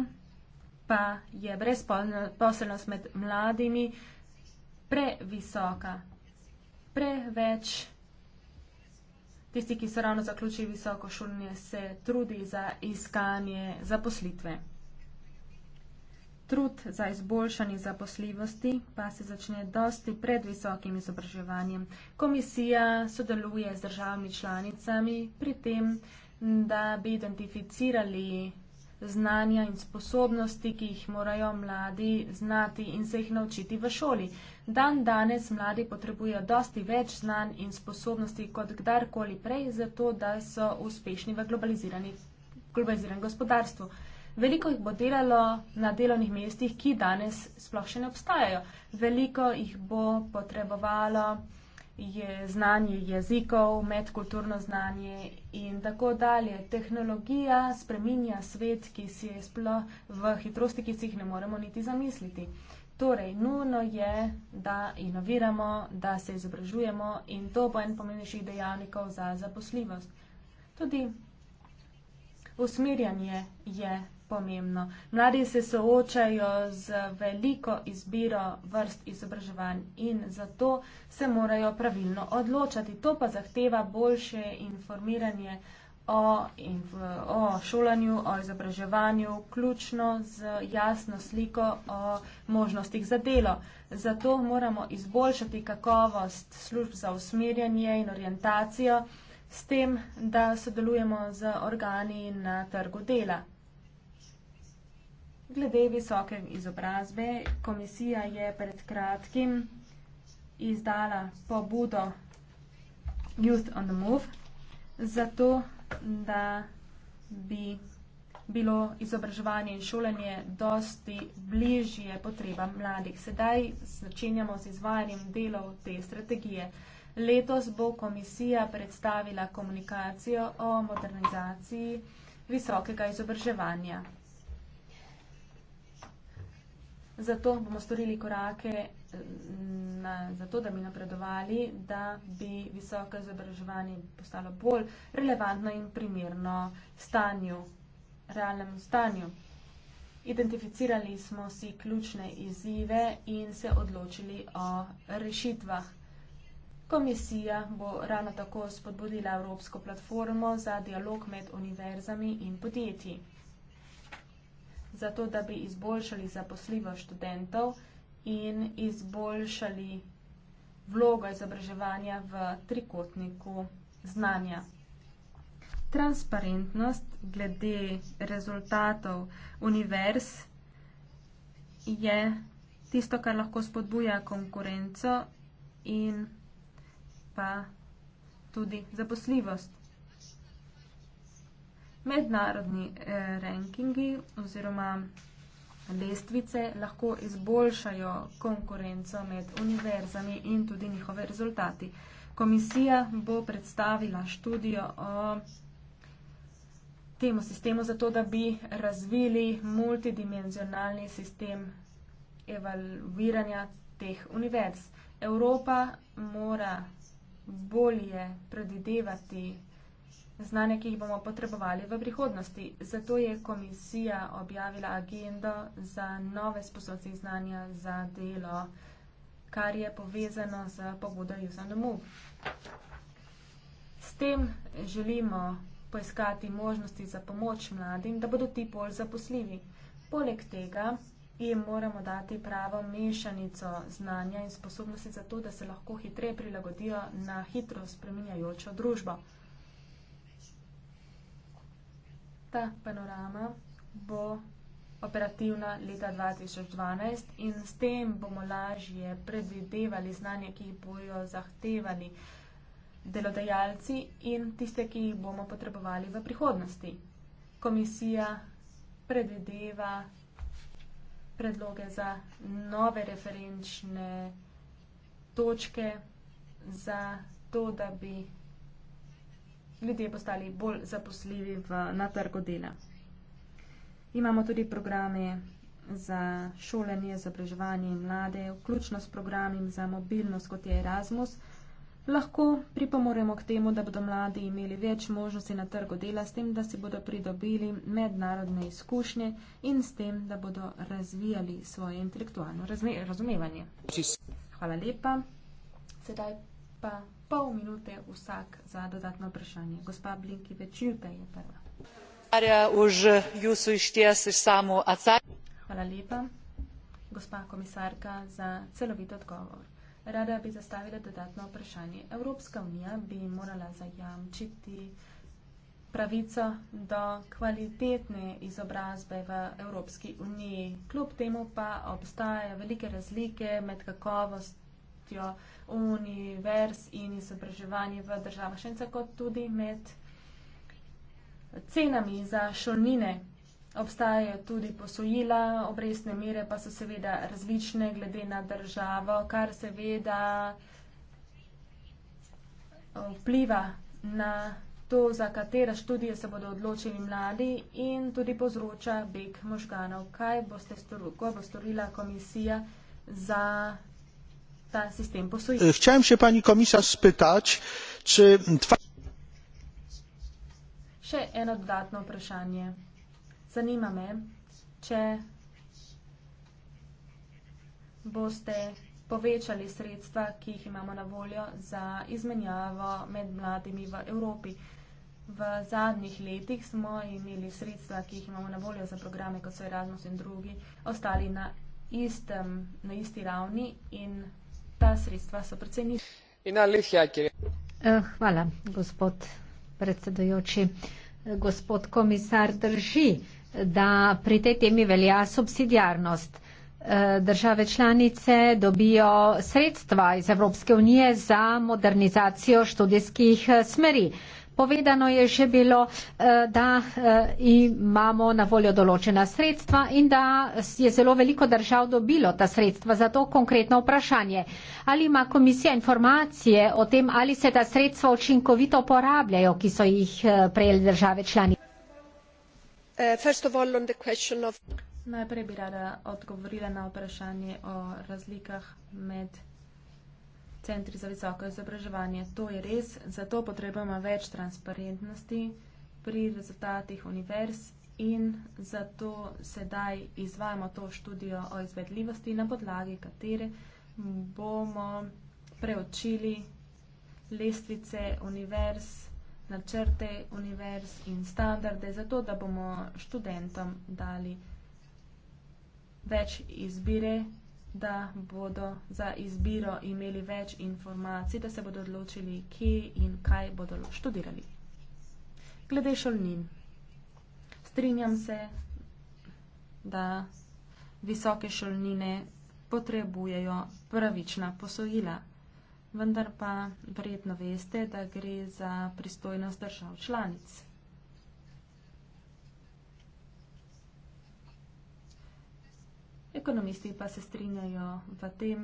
pa je brezposelnost med mladimi previsoka. Preveč Tisti, ki so ravno zaključili visoko šolanje, se trudi za iskanje zaposlitve. Trud za izboljšanje zaposljivosti pa se začne dosti pred visokim izobraževanjem. Komisija sodeluje z državami članicami pri tem, da bi identificirali znanja in sposobnosti, ki jih morajo mladi znati in se jih naučiti v šoli. Dan danes mladi potrebujejo dosti več znanj in sposobnosti kot kdarkoli prej, zato da so uspešni v globaliziranem gospodarstvu. Veliko jih bo delalo na delovnih mestih, ki danes sploh še ne obstajajo. Veliko jih bo potrebovalo je znanje jezikov, medkulturno znanje in tako dalje. Tehnologija spreminja svet, ki si je sploh v hitrosti, ki si jih ne moremo niti zamisliti. Uh, Torej, nujno je, da inoviramo, da se izobražujemo in to bo en pomembnejših dejavnikov za zaposljivost. Tudi usmerjanje je pomembno. Mladi se soočajo z veliko izbiro vrst izobraževanj in zato se morajo pravilno odločati. To pa zahteva boljše informiranje o, o šolanju, o izobraževanju, ključno z jasno sliko o možnostih za delo. Zato moramo izboljšati kakovost služb za usmerjanje in orientacijo s tem, da sodelujemo z organi na trgu dela. Glede visoke izobrazbe, komisija je pred kratkim izdala pobudo Youth on the Move, zato da bi bilo izobraževanje in šolanje dosti bližje potreba mladih. Sedaj začenjamo z izvajanjem delov te strategije. Letos bo komisija predstavila komunikacijo o modernizaciji visokega izobraževanja. Zato bomo storili korake zato, da bi napredovali, da bi visoko izobraževanje postalo bolj relevantno in primerno stanju, realnemu stanju. Identificirali smo si ključne izzive in se odločili o rešitvah. Komisija bo ravno tako spodbudila Evropsko platformo za dialog med univerzami in podjetji. Zato, da bi izboljšali zaposljivo študentov, in izboljšali vlogo izobraževanja v trikotniku znanja. Transparentnost glede rezultatov univerz je tisto, kar lahko spodbuja konkurenco in pa tudi zaposljivost. Mednarodni eh, rankingi oziroma lestvice lahko izboljšajo konkurenco med univerzami in tudi njihove rezultati. Komisija bo predstavila študijo o temu sistemu zato, da bi razvili multidimenzionalni sistem evalviranja teh univerz. Evropa mora bolje predvidevati znanja, ki jih bomo potrebovali v prihodnosti. Zato je komisija objavila agendo za nove sposobnosti znanja za delo, kar je povezano z pobudo Jusa Domu. S tem želimo poiskati možnosti za pomoč mladim, da bodo ti bolj zaposljivi. Poleg tega jim moramo dati pravo mešanico znanja in sposobnosti za to, da se lahko hitreje prilagodijo na hitro spreminjajočo družbo. Ta panorama bo operativna leta 2012 in s tem bomo lažje predvidevali znanje, ki jih bojo zahtevali delodajalci in tiste, ki jih bomo potrebovali v prihodnosti. Komisija predvideva predloge za nove referenčne točke za to, da bi ljudje postali bolj zaposljivi v, na trgu dela. Imamo tudi programe za šolanje, izobraževanje mlade, vključno s programom za mobilnost, kot je Erasmus. Lahko pripomoremo k temu, da bodo mladi imeli več možnosti na trgu dela, s tem, da si bodo pridobili mednarodne izkušnje in s tem, da bodo razvijali svoje intelektualno razumevanje. Hvala lepa. Sedaj pa pol minute vsak za dodatno vprašanje. Gospa Blinki Večilpe je prva. Hvala lepa, gospa komisarka, za celovit odgovor. Rada bi zastavila dodatno vprašanje. Evropska unija bi morala zajamčiti pravico do kvalitetne izobrazbe v Evropski uniji. Kljub temu pa obstajajo velike razlike med kakovost dejavnostjo univerz in izobraževanje v državah šence, kot tudi med cenami za šolnine. Obstajajo tudi posojila, obrestne mere pa so seveda različne glede na državo, kar seveda eh, vpliva na to, za katera študije se bodo odločili mladi in tudi povzroča beg možganov. Kaj bo storila komisija za E, chciałem się pani komisarz spytać, czy twa... Jeszcze jedno dodatne pytanie. Zanima mnie, czy boste povečali sredstva, ki jih imamo na voljo za izmenjavo med mladimi v Evropi. V zadnjih letih smo imeli sredstva, ki jih imamo na voljo za programe, kot so Erasmus in drugi, ostali na, istem, na isti ravni in ta sredstva so predvsej nižja. In ali jih je, ker eh, je. Hvala, gospod predsedojoči. Eh, gospod komisar drži, da pri tej temi velja subsidijarnost. Eh, države članice dobijo sredstva iz Evropske unije za modernizacijo študijskih smeri. Povedano je že bilo, eh, da eh, imamo na voljo določena sredstva in da je zelo veliko držav dobilo ta sredstva. Zato konkretno vprašanje. Ali ima komisija informacije o tem, ali se ta sredstva učinkovito uporabljajo, ki so jih eh, prejeli države člani? Uh, Najprej bi rada odgovorila na vprašanje o razlikah med centri za visoko izobraževanje. To je res, zato potrebujemo več transparentnosti pri rezultatih univerz in zato sedaj izvajamo to študijo o izvedljivosti, na podlagi katere bomo preučili lestvice univerz, načrte univerz in standarde, zato da bomo študentom dali več izbire da bodo za izbiro imeli več informacij, da se bodo odločili, kje in kaj bodo študirali. Glede šolnin. Strinjam se, da visoke šolnine potrebujejo pravična posojila, vendar pa verjetno veste, da gre za pristojnost držav članic. Ekonomisti pa se strinjajo v tem,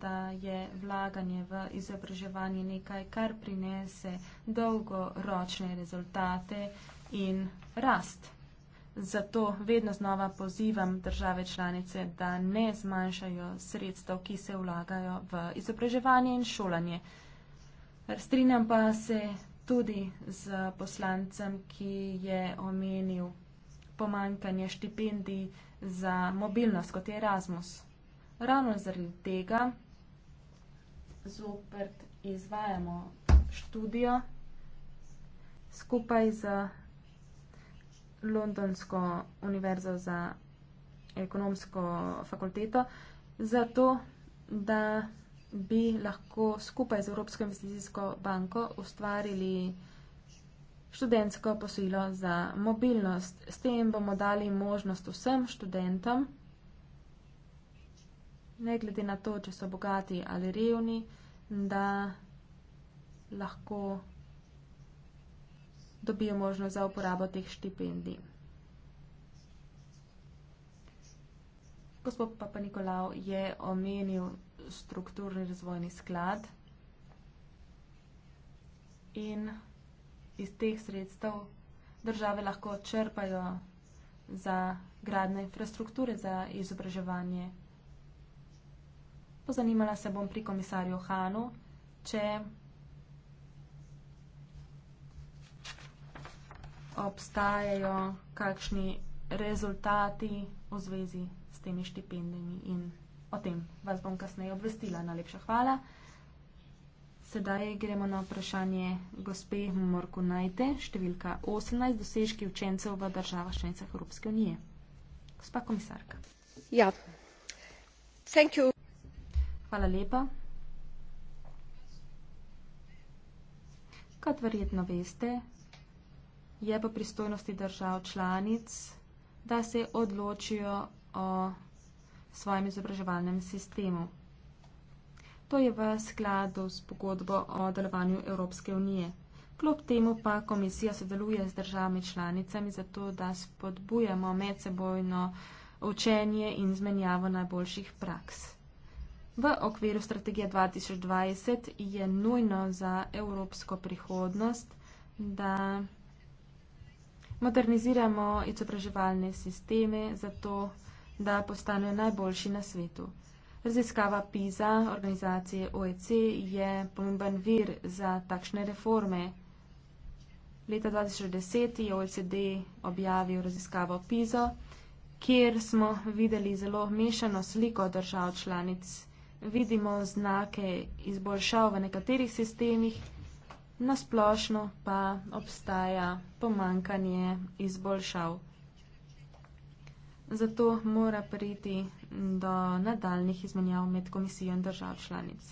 da je vlaganje v izobraževanje nekaj, kar prinese dolgoročne rezultate in rast. Zato vedno znova pozivam države članice, da ne zmanjšajo sredstev, ki se vlagajo v izobraževanje in šolanje. Strinjam pa se tudi z poslancem, ki je omenil pomankanje štipendij za mobilnost, kot je Erasmus. Ravno zaradi tega zopet izvajamo študijo skupaj z Londonsko univerzo za ekonomsko fakulteto, zato da bi lahko skupaj z Evropsko investicijsko banko ustvarili študentsko posojilo za mobilnost. S tem bomo dali možnost vsem študentom, ne glede na to, če so bogati ali revni, da lahko dobijo možnost za uporabo teh štipendij. Gospod Papa Nikolao je omenil strukturni razvojni sklad in iz teh sredstev države lahko črpajo za gradne infrastrukture, za izobraževanje. Pozanimala se bom pri komisarju Hanu, če obstajajo kakšni rezultati v zvezi s temi štipendijami in o tem vas bom kasneje obvestila. Najlepša hvala. Sedaj gremo na vprašanje gospe Morko Najte, številka 18, dosežki učencev v državah članicah Evropske unije. Gospa komisarka. Ja, thank you. Hvala lepa. Kot verjetno veste, je po pristojnosti držav članic, da se odločijo o svojem izobraževalnem sistemu. To je v skladu s pogodbo o delovanju Evropske unije. Kljub temu pa komisija sodeluje z državami članicami zato, da spodbujamo medsebojno učenje in izmenjavo najboljših praks. V okviru strategije 2020 je nujno za evropsko prihodnost, da moderniziramo izobraževalne sisteme zato, da postanejo najboljši na svetu. Raziskava PISA organizacije OEC je pomemben vir za takšne reforme. Leta 2010 je OECD objavil raziskavo PISA, kjer smo videli zelo mešano sliko držav članic. Vidimo znake izboljšav v nekaterih sistemih, nasplošno pa obstaja pomankanje izboljšav zato mora priti do nadaljnih izmenjav med komisijo in držav članic.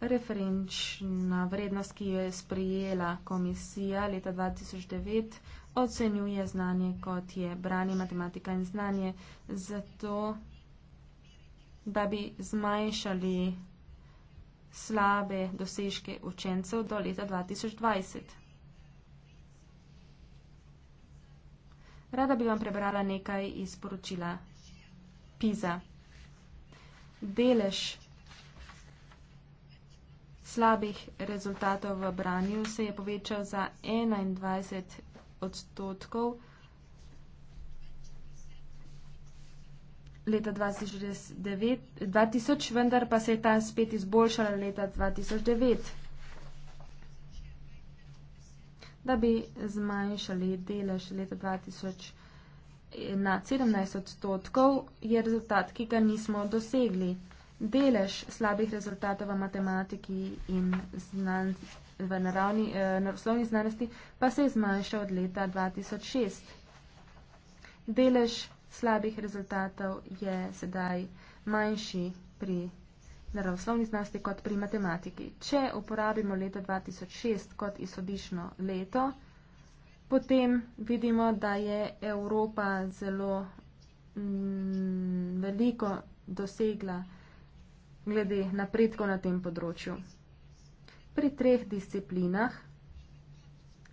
Referenčna vrednost, ki jo je sprijela komisija leta 2009, ocenjuje znanje kot je branje, matematika in znanje, zato da bi zmanjšali slabe dosežke učencev do leta 2020. Rada bi vam prebrala nekaj iz poročila PISA. Delež slabih rezultatov v branju se je povečal za 21 odstotkov leta 2009, 2000, vendar pa se je ta spet izboljšala leta 2009 da bi zmanjšali delež leta 2000 na 17 odstotkov, je rezultat, ki ga nismo dosegli. Delež slabih rezultatov v matematiki in znan, v naravni, eh, naravoslovni znanosti pa se je zmanjšal od leta 2006. Delež slabih rezultatov je sedaj manjši pri naravoslovni znanosti kot pri matematiki. Če uporabimo leto 2006 kot izhodišno leto, potem vidimo, da je Evropa zelo mm, veliko dosegla glede napredkov na tem področju. Pri treh disciplinah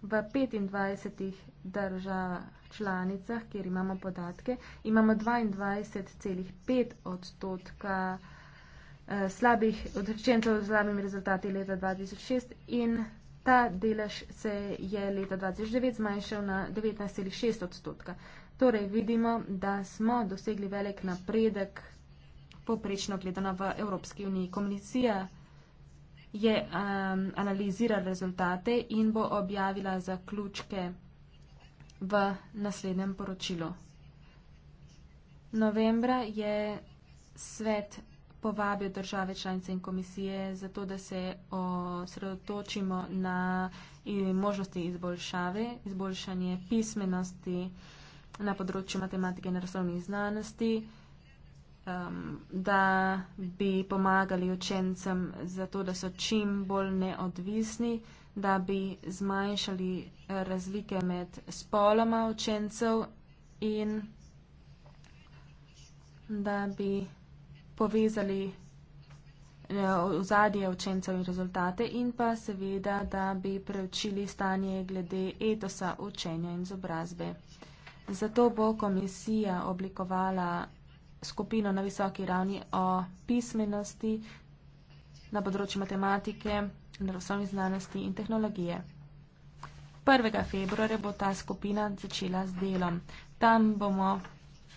v 25 državah članicah, kjer imamo podatke, imamo 22,5 odstotka Eh, slabih odrečencev z slabimi rezultati leta 2006 in ta delež se je leta 2009 zmanjšal na 19,6 odstotka. Torej vidimo, da smo dosegli velik napredek poprečno gledano v Evropski uniji. Komisija je um, analizirala rezultate in bo objavila zaključke v naslednjem poročilu. Novembra je svet povabil države članice in komisije, zato da se osredotočimo na možnosti izboljšave, izboljšanje pismenosti na področju matematike in naravoslovnih znanosti, um, da bi pomagali učencem zato, da so čim bolj neodvisni, da bi zmanjšali razlike med spoloma učencev in da bi povezali eh, ozadje učencev in rezultate in pa seveda, da bi preučili stanje glede etosa učenja in izobrazbe. Zato bo komisija oblikovala skupino na visoki ravni o pismenosti na področju matematike, naravoslovne znanosti in tehnologije. 1. februarja bo ta skupina začela z delom. Tam bomo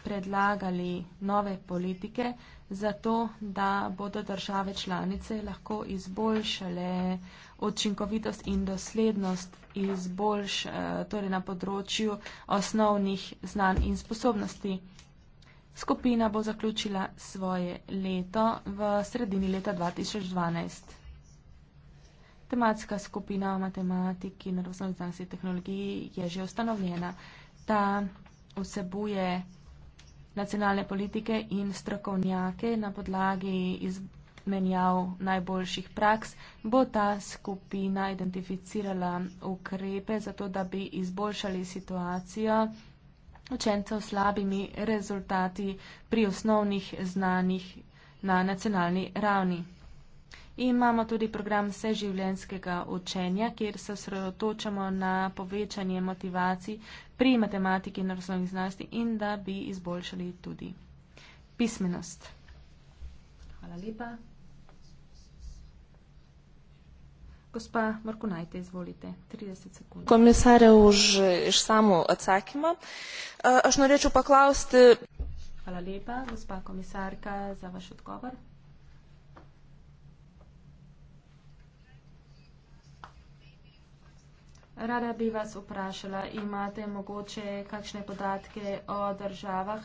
predlagali nove politike, zato da bodo države članice lahko izboljšale učinkovitost in doslednost izboljš, eh, torej na področju osnovnih znanj in sposobnosti. Skupina bo zaključila svoje leto v sredini leta 2012. Tematska skupina o matematiki in razvoju znanosti in tehnologiji je že ustanovljena. Ta vsebuje nacionalne politike in strokovnjake na podlagi izmenjav najboljših praks, bo ta skupina identificirala ukrepe za to, da bi izboljšali situacijo učencev s slabimi rezultati pri osnovnih znanjih na nacionalni ravni. Imamo tudi program vseživljenskega učenja, kjer se osredotočamo na povečanje motivacij pri matematiki in razvojnih znanosti in da bi izboljšali tudi pismenost. Hvala lepa. Gospa Markunajte, izvolite, 30 sekund. Komisare, už iš samo atsakima. Eh, aš norėčiau paklausti. Hvala lepa, gospa komisarka, za vaš odgovor. Rada bi vas vprašala, imate mogoče kakšne podatke o državah,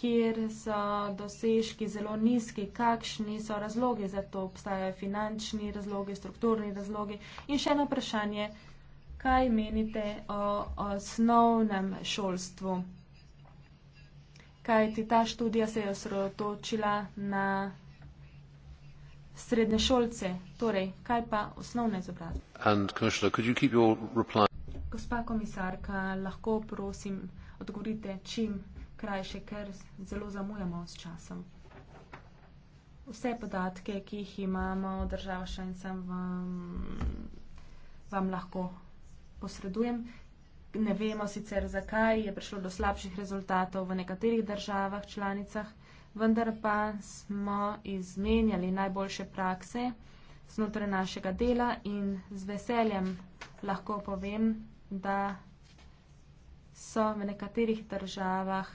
kjer so dosežki zelo nizki, kakšni so razlogi za to, obstajajo finančni razlogi, strukturni razlogi. In še eno vprašanje, kaj menite o osnovnem šolstvu? Kaj ti ta študija se je osredotočila na srednješolce torej kaj pa osnovna izobrazba gospa komisarka lahko prosim odgovorite čim krajše ker zelo zamujamo s časom vse podatke ki jih imamo od držav članicam vam, vam lahko posredujem ne vemo sicer zakaj je prišlo do slabših rezultatov v nekaterih državah članicah vendar pa smo izmenjali najboljše prakse znotraj našega dela in z veseljem lahko povem, da so v nekaterih državah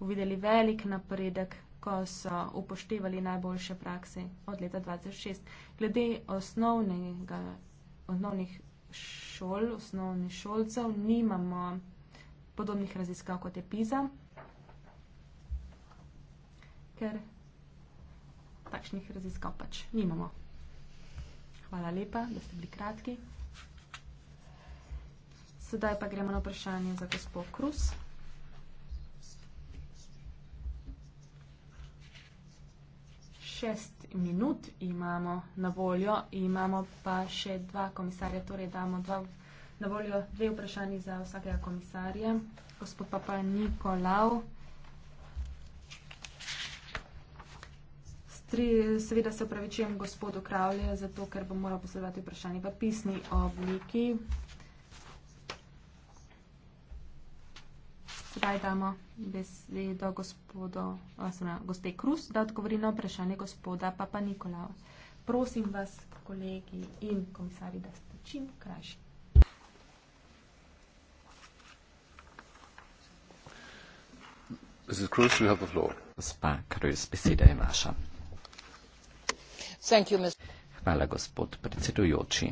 uvideli velik napredek, ko so upoštevali najboljše prakse od leta 2006. Glede osnovnega, osnovnih šol, osnovnih šolcev, nimamo podobnih raziskav kot je PISA ker takšnih raziskav pač nimamo. Hvala lepa, da ste bili kratki. Sedaj pa gremo na vprašanje za gospod Krus. Šest minut imamo na voljo, imamo pa še dva komisarja, torej damo dva, na voljo dve vprašanji za vsakega komisarja. Gospod Papa Nikolao. Tri, seveda se upravičujem gospodu Kravlje, zato ker bom moral posredovati vprašanje v pisni obliki. Sedaj damo besedo gospodo, osna, gospe Krus, da odgovori na vprašanje gospoda Papa Nikolao. Prosim vas, kolegi in komisari, da ste čim krajši. Gospa Krus, beseda je vaša. Hvala, gospod predsedujoči.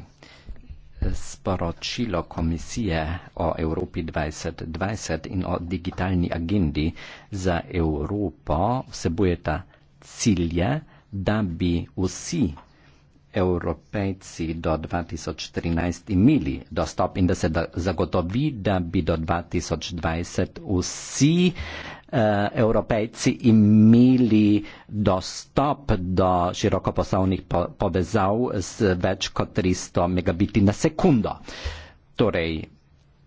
Sporočilo komisije o Evropi 2020 in o digitalni agendi za Evropo vsebujeta cilje, da bi vsi Evropejci do 2013 imeli dostop in da se da zagotovi, da bi do 2020 vsi eh, evropejci imeli dostop do širokoposlovnih po povezav z več kot 300 megabiti na sekundo. Torej,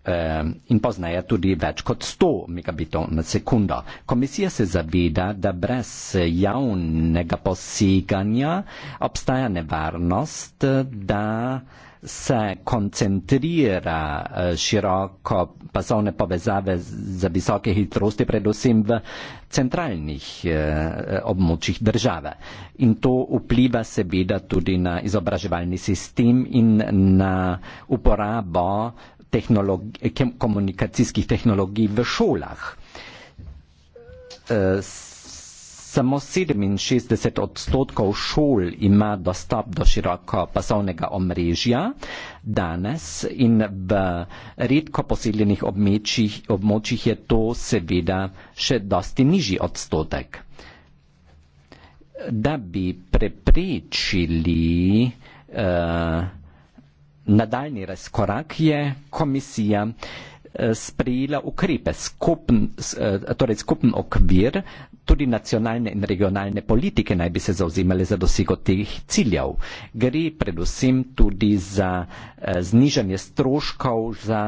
eh, in poznaje tudi več kot 100 megabitov na sekundo. Komisija se zavida, da brez javnega posiganja obstaja nevarnost, da se koncentrira eh, široko pasovne povezave za visoke hitrosti, predvsem v centralnih eh, območjih države. In to vpliva seveda tudi na izobraževalni sistem in na uporabo tehnologi komunikacijskih tehnologij v šolah. Eh, Samo 67 odstotkov šol ima dostop do široko pasovnega omrežja danes in v redko poseljenih območjih je to seveda še dosti nižji odstotek. Da bi preprečili eh, nadaljni razkorak, je komisija eh, sprejela ukrepe, skupen, eh, torej skupen okvir Tudi nacionalne in regionalne politike naj bi se zauzimale za dosego teh ciljev. Gre predvsem tudi za eh, znižanje stroškov za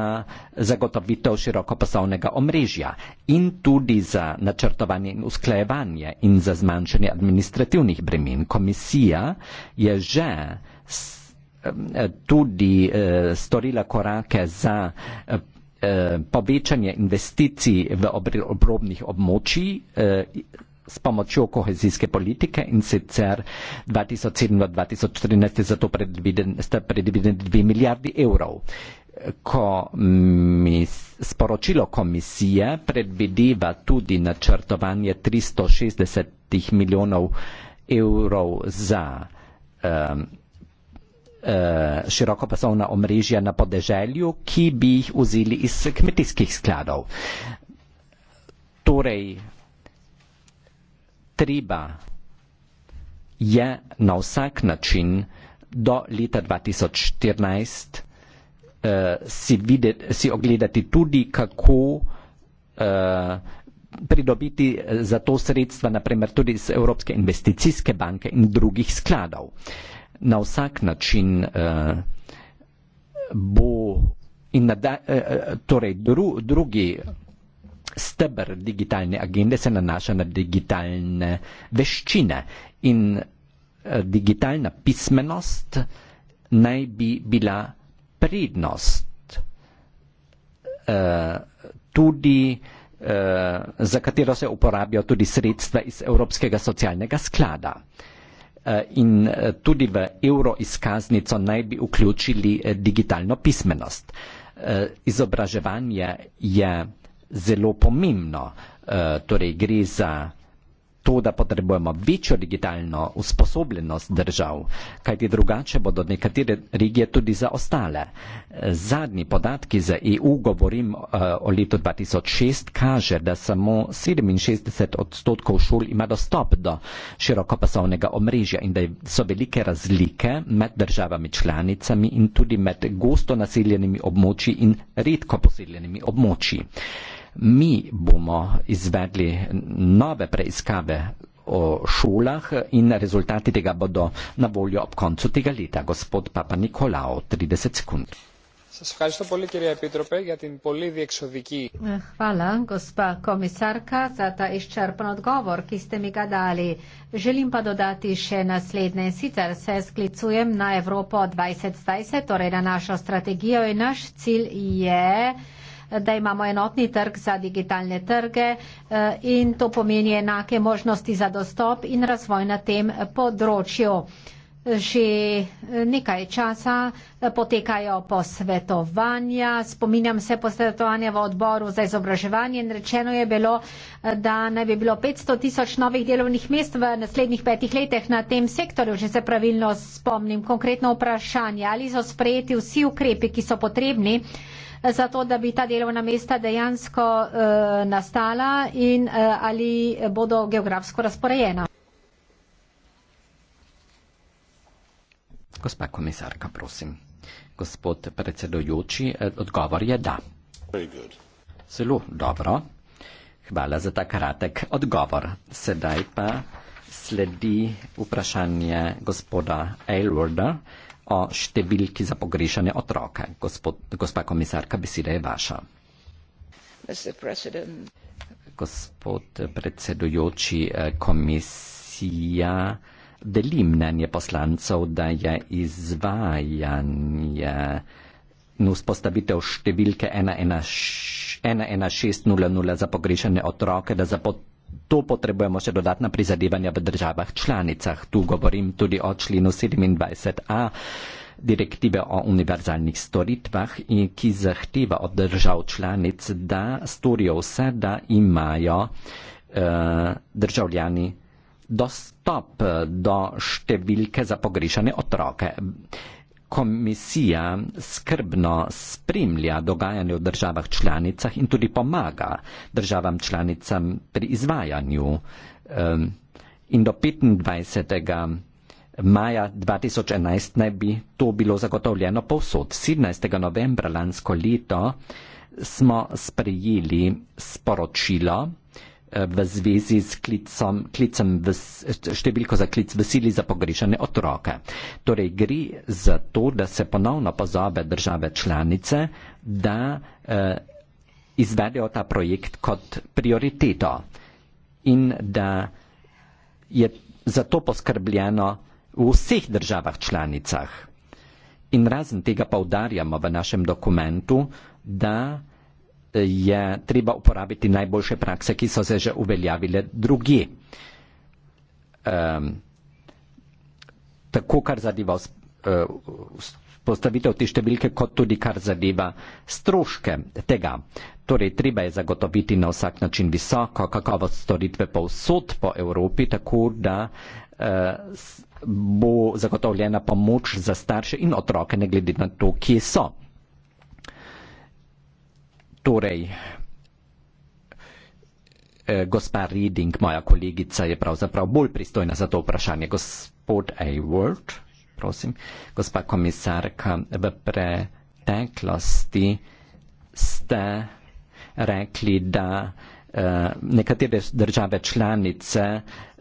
zagotovitev širokopasovnega omrežja in tudi za načrtovanje in usklajevanje in za zmanjšanje administrativnih bremen. Komisija je že eh, tudi eh, storila korake za Eh, povečanje investicij v obrobnih območij eh, s pomočjo kohezijske politike in sicer 2007-2013 za to sta predviden 2 milijardi evrov. Komis, sporočilo komisije predvideva tudi načrtovanje 360 milijonov evrov za um, Eh, širokopasovna omrežja na podeželju, ki bi jih vzeli iz kmetijskih skladov. Torej, treba je na vsak način do leta 2014 uh, eh, si, videti, si ogledati tudi, kako uh, pridobiti za to sredstva, naprimer tudi iz Evropske investicijske banke in drugih skladov. Uh, na vsak način uh, bo in nada, uh, torej dru, drugi steber digitalne agende se nanaša na digitalne veščine in uh, digitalna pismenost naj bi bila prednost uh, tudi uh, za katero se uporabijo tudi sredstva iz Evropskega socialnega sklada. Uh, Eh, in eh, tudi v evro izkaznico naj bi vključili eh, digitalno pismenost. Izobraževanje je zelo pomembno, torej gre za to, da potrebujemo večjo digitalno usposobljenost držav, kajti drugače bodo nekatere regije tudi zaostale. Zadnji podatki za EU, govorim eh, o letu 2006, kaže, da samo 67 odstotkov šol ima dostop do širokopasovnega omrežja in da so velike razlike med državami članicami in tudi med gosto naseljenimi območji in redko poseljenimi območji. Mi bomo izvedli nove preiskave o šolah in rezultati tega bodo na voljo ob koncu tega leta. Gospod Papa Nikolao, 30 sekund. Hvala, gospa komisarka, za ta izčrpen odgovor, ki ste mi ga dali. Želim pa dodati še naslednje. Sicer se sklicujem na Evropo 2020, torej na našo strategijo in naš cilj je da imamo enotni trg za digitalne trge eh, in to pomeni enake možnosti za dostop in razvoj na tem področju. Že eh, nekaj časa eh, potekajo posvetovanja, spominjam se posvetovanja v odboru za izobraževanje in rečeno je bilo, da naj bi bilo 500 tisoč novih delovnih mest v naslednjih petih letih na tem sektorju, če se pravilno spomnim. Konkretno vprašanje, ali so sprejeti vsi ukrepi, ki so potrebni? zato da bi ta delovna mesta dejansko uh, nastala in uh, ali bodo geografsko razporejena. Gospa komisarka, prosim. Gospod predsedojoči, eh, odgovor je da. Zelo dobro. Hvala za ta kratek odgovor. Sedaj pa sledi vprašanje gospoda Aylwarda, o številki za pogrešane otroke. Gospod, gospa komisarka, beseda je vaša. Gospod predsedujoči eh, komisija, deli mnenje poslancev, da je izvajanje in no, vzpostavitev številke 116000 za pogrešane otroke, da za pot To potrebujemo še dodatna prizadevanja v državah članicah. Tu govorim tudi o členu 27a direktive o univerzalnih storitvah, ki zahteva od držav članic, da storijo vse, da imajo eh, državljani dostop eh, do številke za pogrešane otroke komisija skrbno spremlja dogajanje v državah članicah in tudi pomaga državam članicam pri izvajanju. In do 25. maja 2011 naj bi to bilo zagotovljeno povsod. 17. novembra lansko leto smo sprejeli sporočilo, v zvezi z klicom, klicem v, številko za klic v sili za pogrešene otroke. Torej gre za to, da se ponovno pozove države članice, da eh, izvedejo ta projekt kot prioriteto in da je za to poskrbljeno v vseh državah članicah. In razen tega poudarjamo v našem dokumentu, da je treba uporabiti najboljše prakse, ki so se že uveljavile drugi. Um, ehm, tako kar zadeva eh, vzpostavitev te številke, kot tudi kar zadeva stroške tega. Torej, treba je zagotoviti na vsak način visoko kakovost storitve po vsod po Evropi, tako da uh, bo zagotovljena pomoč za starše in otroke, ne glede na to, kje so. Torej, eh, gospa Reding, moja kolegica, je pravzaprav bolj pristojna za to vprašanje. Gospod A. Ward, prosim, gospa komisarka, v preteklosti ste rekli, da eh, nekatere države članice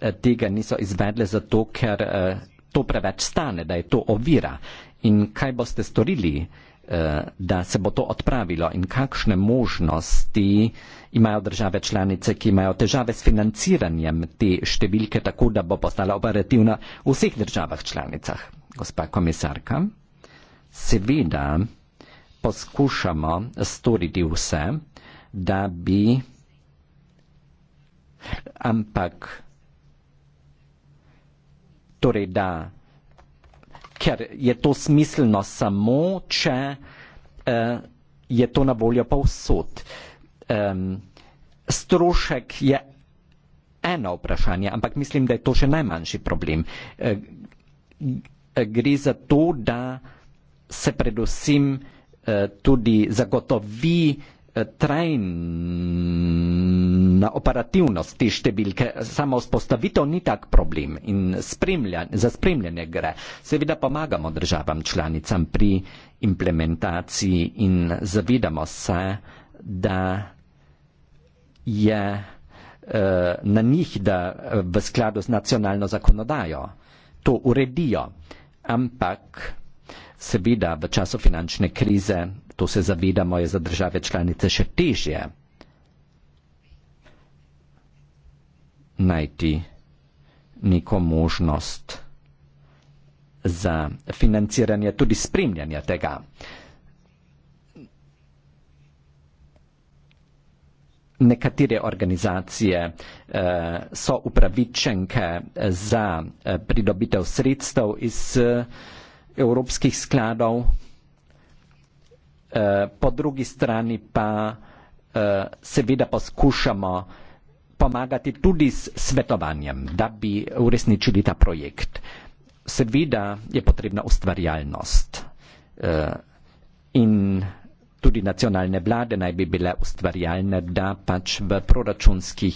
eh, tega niso izvedle zato, ker to preveč stane, da je to ovira. In kaj boste storili? Eh, da se bo to odpravilo in kakšne možnosti imajo države članice, ki imajo težave s financiranjem te številke, tako da bo postala operativna v vseh državah članicah. Gospa komisarka, seveda poskušamo storiti vse, da bi, ampak torej da ker je to smiselno samo, če eh, je to na voljo povsod. Eh, strošek je eno vprašanje, ampak mislim, da je to še najmanjši problem. Eh, gre za to, da se predvsem eh, tudi zagotovi eh, Eh, trajna operativnost te številke, samo vzpostavitev ni tak problem in spremljanje, za spremljanje gre. Seveda pomagamo državam članicam pri implementaciji in zavedamo se, da je eh, na njih, da eh, v skladu z nacionalno zakonodajo to uredijo, ampak seveda v času finančne krize to se zavedamo, je za države članice še težje najti neko možnost za financiranje, tudi spremljanje tega. Nekatere organizacije eh, so upravičenke za eh, pridobitev sredstev iz eh, evropskih skladov, Eh, po drugi strani pa eh, seveda poskušamo pomagati tudi s svetovanjem, da bi uresničili ta projekt. Seveda je potrebna ustvarjalnost eh, in tudi nacionalne vlade naj bi bile ustvarjalne, da pač v proračunskih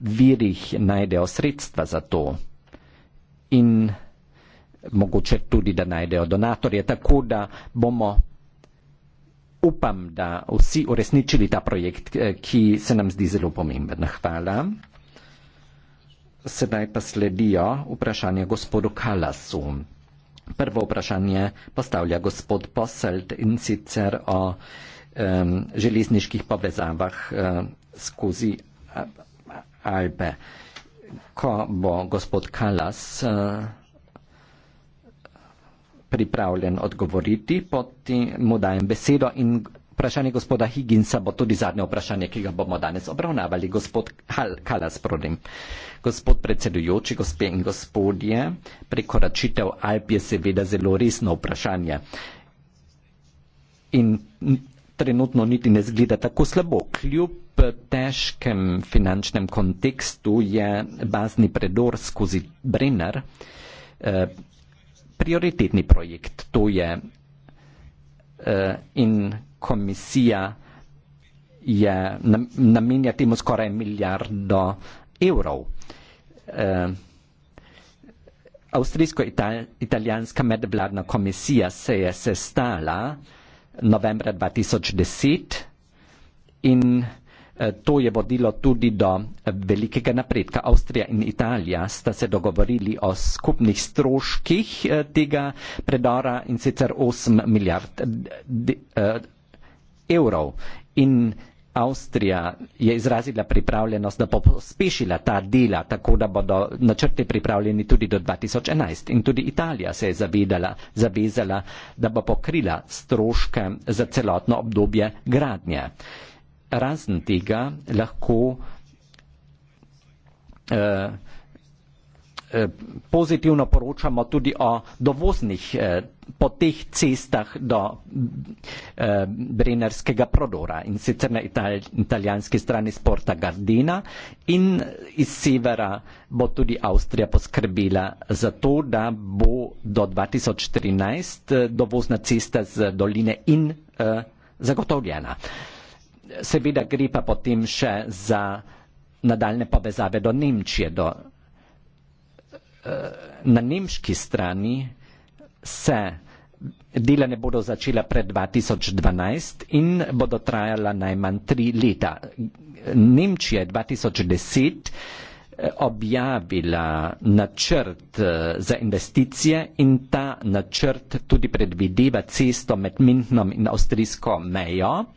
virih najdejo sredstva za to in mogoče tudi, da najdejo donatorje, tako da bomo upam, da vsi uresničili ta projekt, eh, ki se nam zdi zelo pomemben. Hvala. Sedaj pa sledijo vprašanje gospodu Kalasu. Prvo vprašanje postavlja gospod Poselt in sicer o um, železniških povezavah uh, skozi eh, Alpe. Ko bo gospod Kalas uh, pripravljen odgovoriti, potem mu dajem besedo in vprašanje gospoda Higginsa bo tudi zadnje vprašanje, ki ga bomo danes obravnavali. Gospod Hal, Kalas, prodim. Gospod predsedujoči, gospe in gospodje, prekoračitev Alp je seveda zelo resno vprašanje. In trenutno niti ne zgleda tako slabo. Kljub težkem finančnem kontekstu je bazni predor skozi Brenner. Eh, prioritetni projekt, to je uh, in komisija je namenja temu skoraj milijardo evrov. Uh, Avstrijsko-italijanska -ital medvladna komisija se je sestala novembra 2010 in Eh, to je vodilo tudi do eh, velikega napredka. Avstrija in Italija sta se dogovorili o skupnih stroških eh, tega predora in sicer 8 milijard evrov. In Avstrija je izrazila pripravljenost, da bo pospešila ta dela, tako da bodo načrti pripravljeni tudi do 2011. In tudi Italija se je zavedala, zavezala, da bo pokrila stroške za celotno obdobje gradnje razen tega lahko eh, eh, pozitivno poročamo tudi o dovoznih eh, po teh cestah do Brenerskega prodora in sicer na italijanski strani sporta Gardena in iz severa bo tudi Avstrija poskrbila za to, da bo do 2014 dovozna cesta z doline in zagotovljena seveda gre pa potem še za nadaljne povezave do Nemčije. Do, uh, na nemški strani se dela ne bodo začela pred 2012 in bodo trajala najmanj tri leta. Nemčija je 2010 eh, objavila načrt eh, za investicije in ta načrt tudi predvideva cesto med Mindnom in avstrijsko mejo. Uh,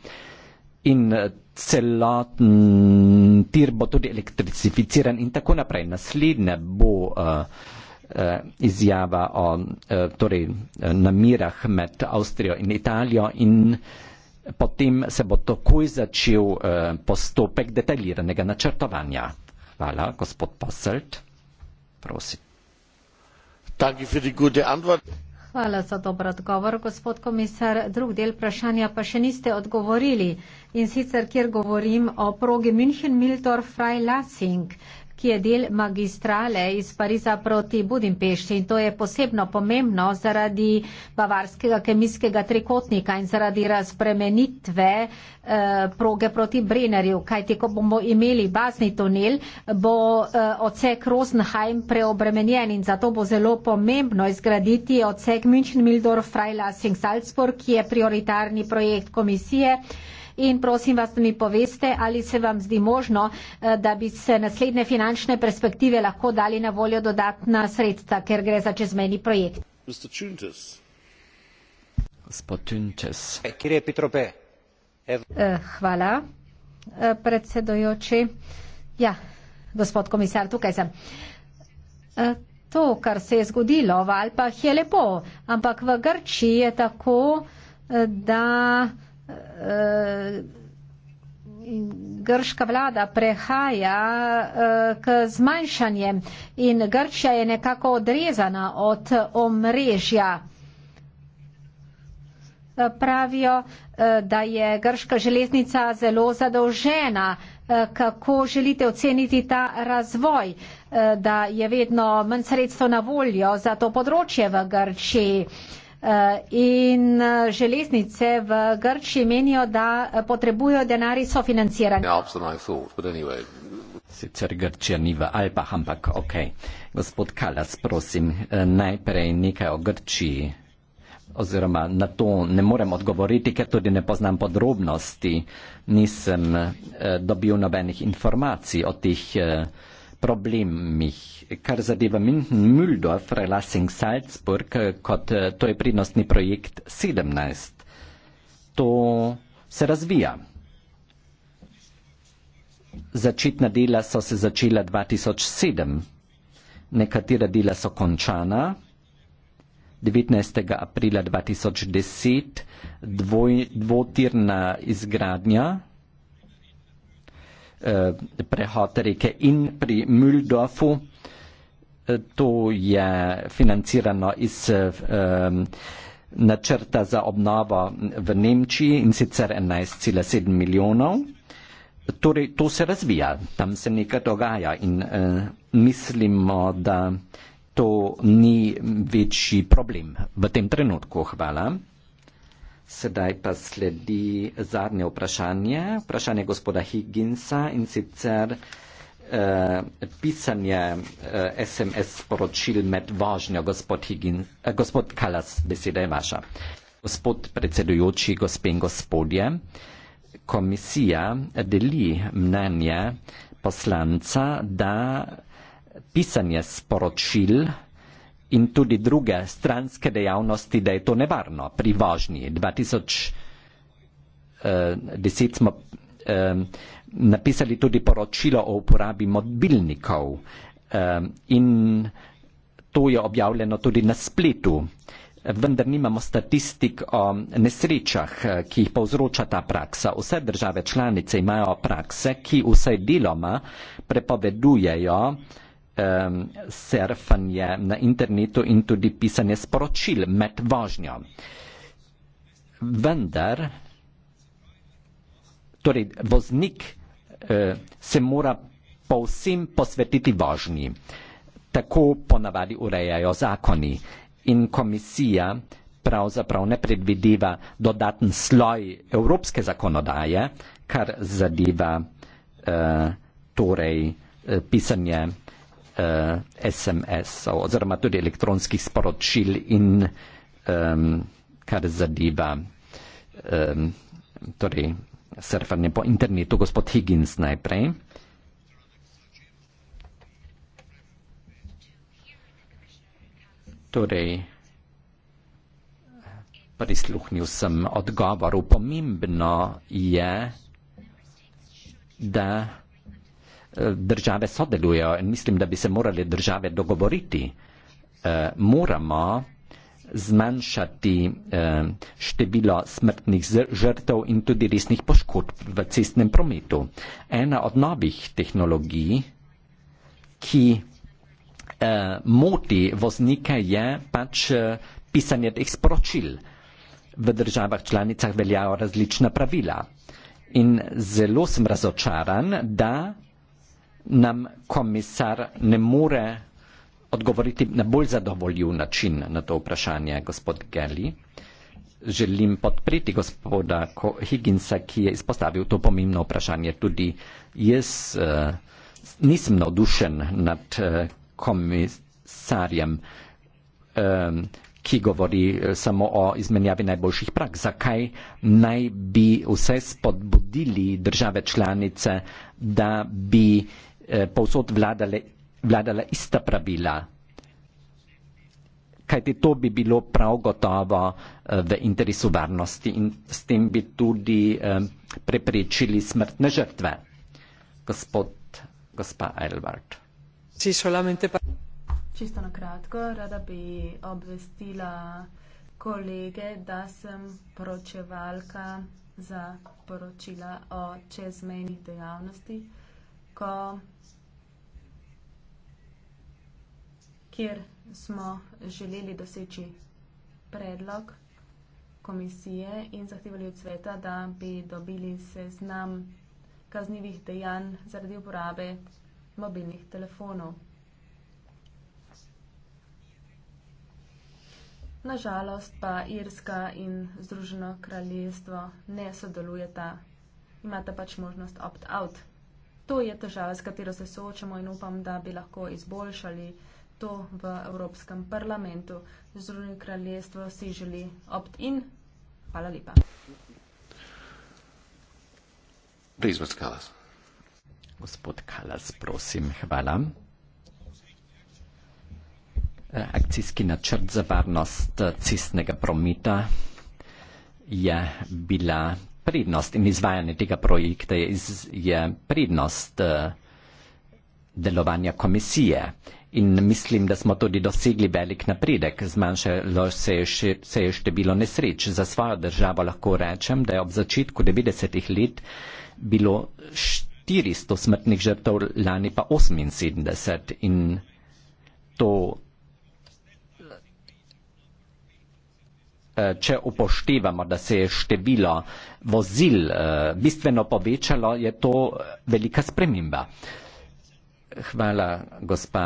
in eh, celoten tir bo tudi elektrificiran in tako naprej. Naslednja bo uh, uh, izjava o uh, torej, namirah med Avstrijo in Italijo in potem se bo takoj začel uh, postopek detaljiranega načrtovanja. Hvala, gospod Posselt. Prosim. Danke für die gute Antwort. Hvala za dober odgovor, gospod komisar. Drug del vprašanja pa še niste odgovorili. In sicer, kjer govorim o progi München-Mildorf-Frei-Lassing ki je del magistrale iz Pariza proti Budimpešti in to je posebno pomembno zaradi bavarskega kemijskega trikotnika in zaradi razpremenitve e, eh, proge proti Brennerju. Kaj ti, ko bomo imeli bazni tunel, bo e, odsek Rosenheim preobremenjen in zato bo zelo pomembno izgraditi odsek München-Mildorf-Freilassing-Salzburg, ki je prioritarni projekt komisije in prosim vas, da mi poveste, ali se vam zdi možno, eh, da bi se naslednje finančne perspektive lahko dali na voljo dodatna sredstva, ker gre za čezmeni projekt. Eh, hvala, eh, predsedojoči. Ja, gospod komisar, tukaj sem. To, kar se je zgodilo v Alpah, je lepo, ampak v Grčiji je tako, da in grška vlada prehaja eh, k zmanjšanjem in Grčija je nekako odrezana od omrežja. Eh, pravijo, eh, da je grška železnica zelo zadolžena. Kako želite oceniti ta razvoj, da je vedno manj sredstvo na voljo za to področje v Grčiji? Eh, in eh, železnice v Grči menijo, da eh, potrebujo denar iz sofinanciranja. Ja, Sicer Grčija ni v Alpah, ampak ok. Gospod Kalas, prosim, najprej nekaj o Grčiji. Oziroma na to ne morem odgovoriti, ker tudi ne poznam podrobnosti. Nisem dobil nobenih informacij o teh problem mih, kar zadeva Minden Mülldorf Relassing Salzburg kot eh, to je prednostni projekt 17. To se razvija. Začetna dela so se začela 2007, nekatera dela so končana. 19. aprila 2010 dvoj, dvotirna izgradnja. Eh, prehoterike in pri Müldorfu. Eh, to je financirano iz eh, načrta za obnovo v Nemčiji in sicer 11,7 milijonov. Torej, to se razvija, tam se nekaj dogaja in e, mislimo, da to ni večji problem v tem trenutku. Hvala. Sedaj pa sledi zadnje vprašanje, vprašanje gospoda Higginsa in sicer eh, pisanje eh, SMS sporočil med vožnjo. Gospod, Higgins, eh, gospod Kalas, beseda je vaša. Gospod predsedujoči, gospe in gospodje, komisija deli mnenje poslanca, da pisanje sporočil in tudi druge stranske dejavnosti, da je to nevarno pri vožnji. 2010 eh, smo eh, napisali tudi poročilo o uporabi mobilnikov eh, in to je objavljeno tudi na spletu, vendar nimamo statistik o nesrečah, ki jih povzroča ta praksa. Vse države članice imajo prakse, ki vsaj deloma prepovedujejo, da je to nevarno um, surfanje na internetu in tudi pisanje sporočil med vožnjo. Vendar, torej voznik uh, se mora povsem posvetiti vožnji. Tako ponavadi urejajo zakoni in komisija pravzaprav ne predvideva dodaten sloj evropske zakonodaje, kar zadeva uh, torej, uh, pisanje uh, eh, SMS oziroma tudi elektronskih sporočil in um, kar zadeva um, torej surfanje po internetu, gospod Higgins najprej. Torej, prisluhnil sem odgovoru. Pomembno je, da države sodelujo in mislim, da bi se morali države dogovoriti. Eh, moramo zmanjšati eh, število smrtnih žrtev in tudi resnih poškodb v cestnem prometu. Ena od novih tehnologij, ki eh, moti voznike, je pač eh, pisanje teh sporočil. V državah članicah veljajo različna pravila. In zelo sem razočaran, da nam komisar ne more odgovoriti na bolj zadovoljiv način na to vprašanje, gospod Geli. Želim podpriti gospoda Higginsa, ki je izpostavil to pomembno vprašanje. Tudi jaz uh, nisem navdušen nad uh, komisarjem, um, ki govori samo o izmenjavi najboljših praks. Zakaj naj bi vse spodbudili države članice, da bi uh, Eh, povsod vladale, vladala ista pravila. Kajti to bi bilo prav gotovo eh, v interesu varnosti in s tem bi tudi eh, preprečili smrtne žrtve. Gospod, gospa Elvard. Čisto na kratko, rada bi obvestila kolege, da sem poročevalka za poročila o čezmejnih dejavnostih točko, kjer smo želeli doseči predlog komisije in zahtevali od sveta, da bi dobili seznam kaznjivih dejanj zaradi uporabe mobilnih telefonov. Nažalost pa Irska in Združeno kraljestvo ne sodelujeta, imata pač možnost opt-out to je težava, s katero se soočamo in upam, da bi lahko izboljšali to v Evropskem parlamentu. Združeno kraljestvo si želi opt-in. Hvala lepa. Prizvod Kalas. Gospod Kalas, prosim, hvala. Eh, akcijski načrt za varnost eh, cestnega prometa je bila prednost in izvajanje tega projekta je, iz, je prednost uh, delovanja komisije. In mislim, da smo tudi dosegli velik napredek, zmanjšalo se je, še, se je število nesreč. Za svojo državo lahko rečem, da je ob začetku 90-ih let bilo 400 smrtnih žrtev, lani pa 78. In to Eh, če upoštevamo, da se je število vozil eh, bistveno povečalo, je to velika sprememba. Hvala, gospa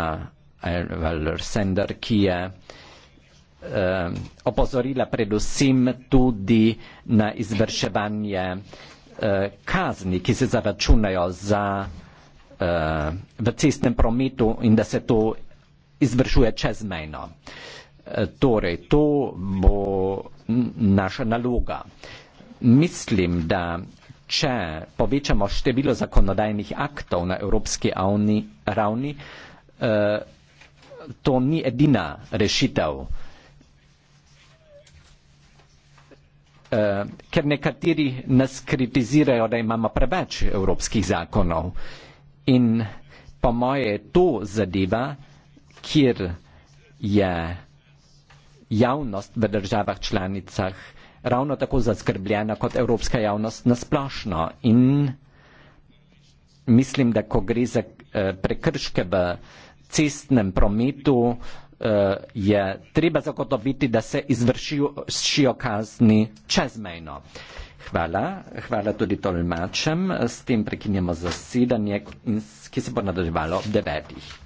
Valersender, ki je eh, opozorila predvsem tudi na izvrševanje kazni, ki se zaračunajo za, v cestnem prometu in da se to izvršuje čezmejno. Torej, to bo naša naloga. Mislim, da če povečamo število zakonodajnih aktov na evropski ravni, eh, to ni edina rešitev. Eh, ker nekateri nas kritizirajo, da imamo preveč evropskih zakonov. In po moje je to zadeva, kjer je javnost v državah članicah ravno tako zaskrbljena kot evropska javnost nasplošno. In mislim, da ko gre za eh, prekrške v cestnem prometu, eh, je treba zagotoviti, da se izvršijo kazni čezmejno. Hvala. Hvala tudi tolmačem. S tem prekinjamo zasedanje, ki se bo nadaljevalo ob devetih.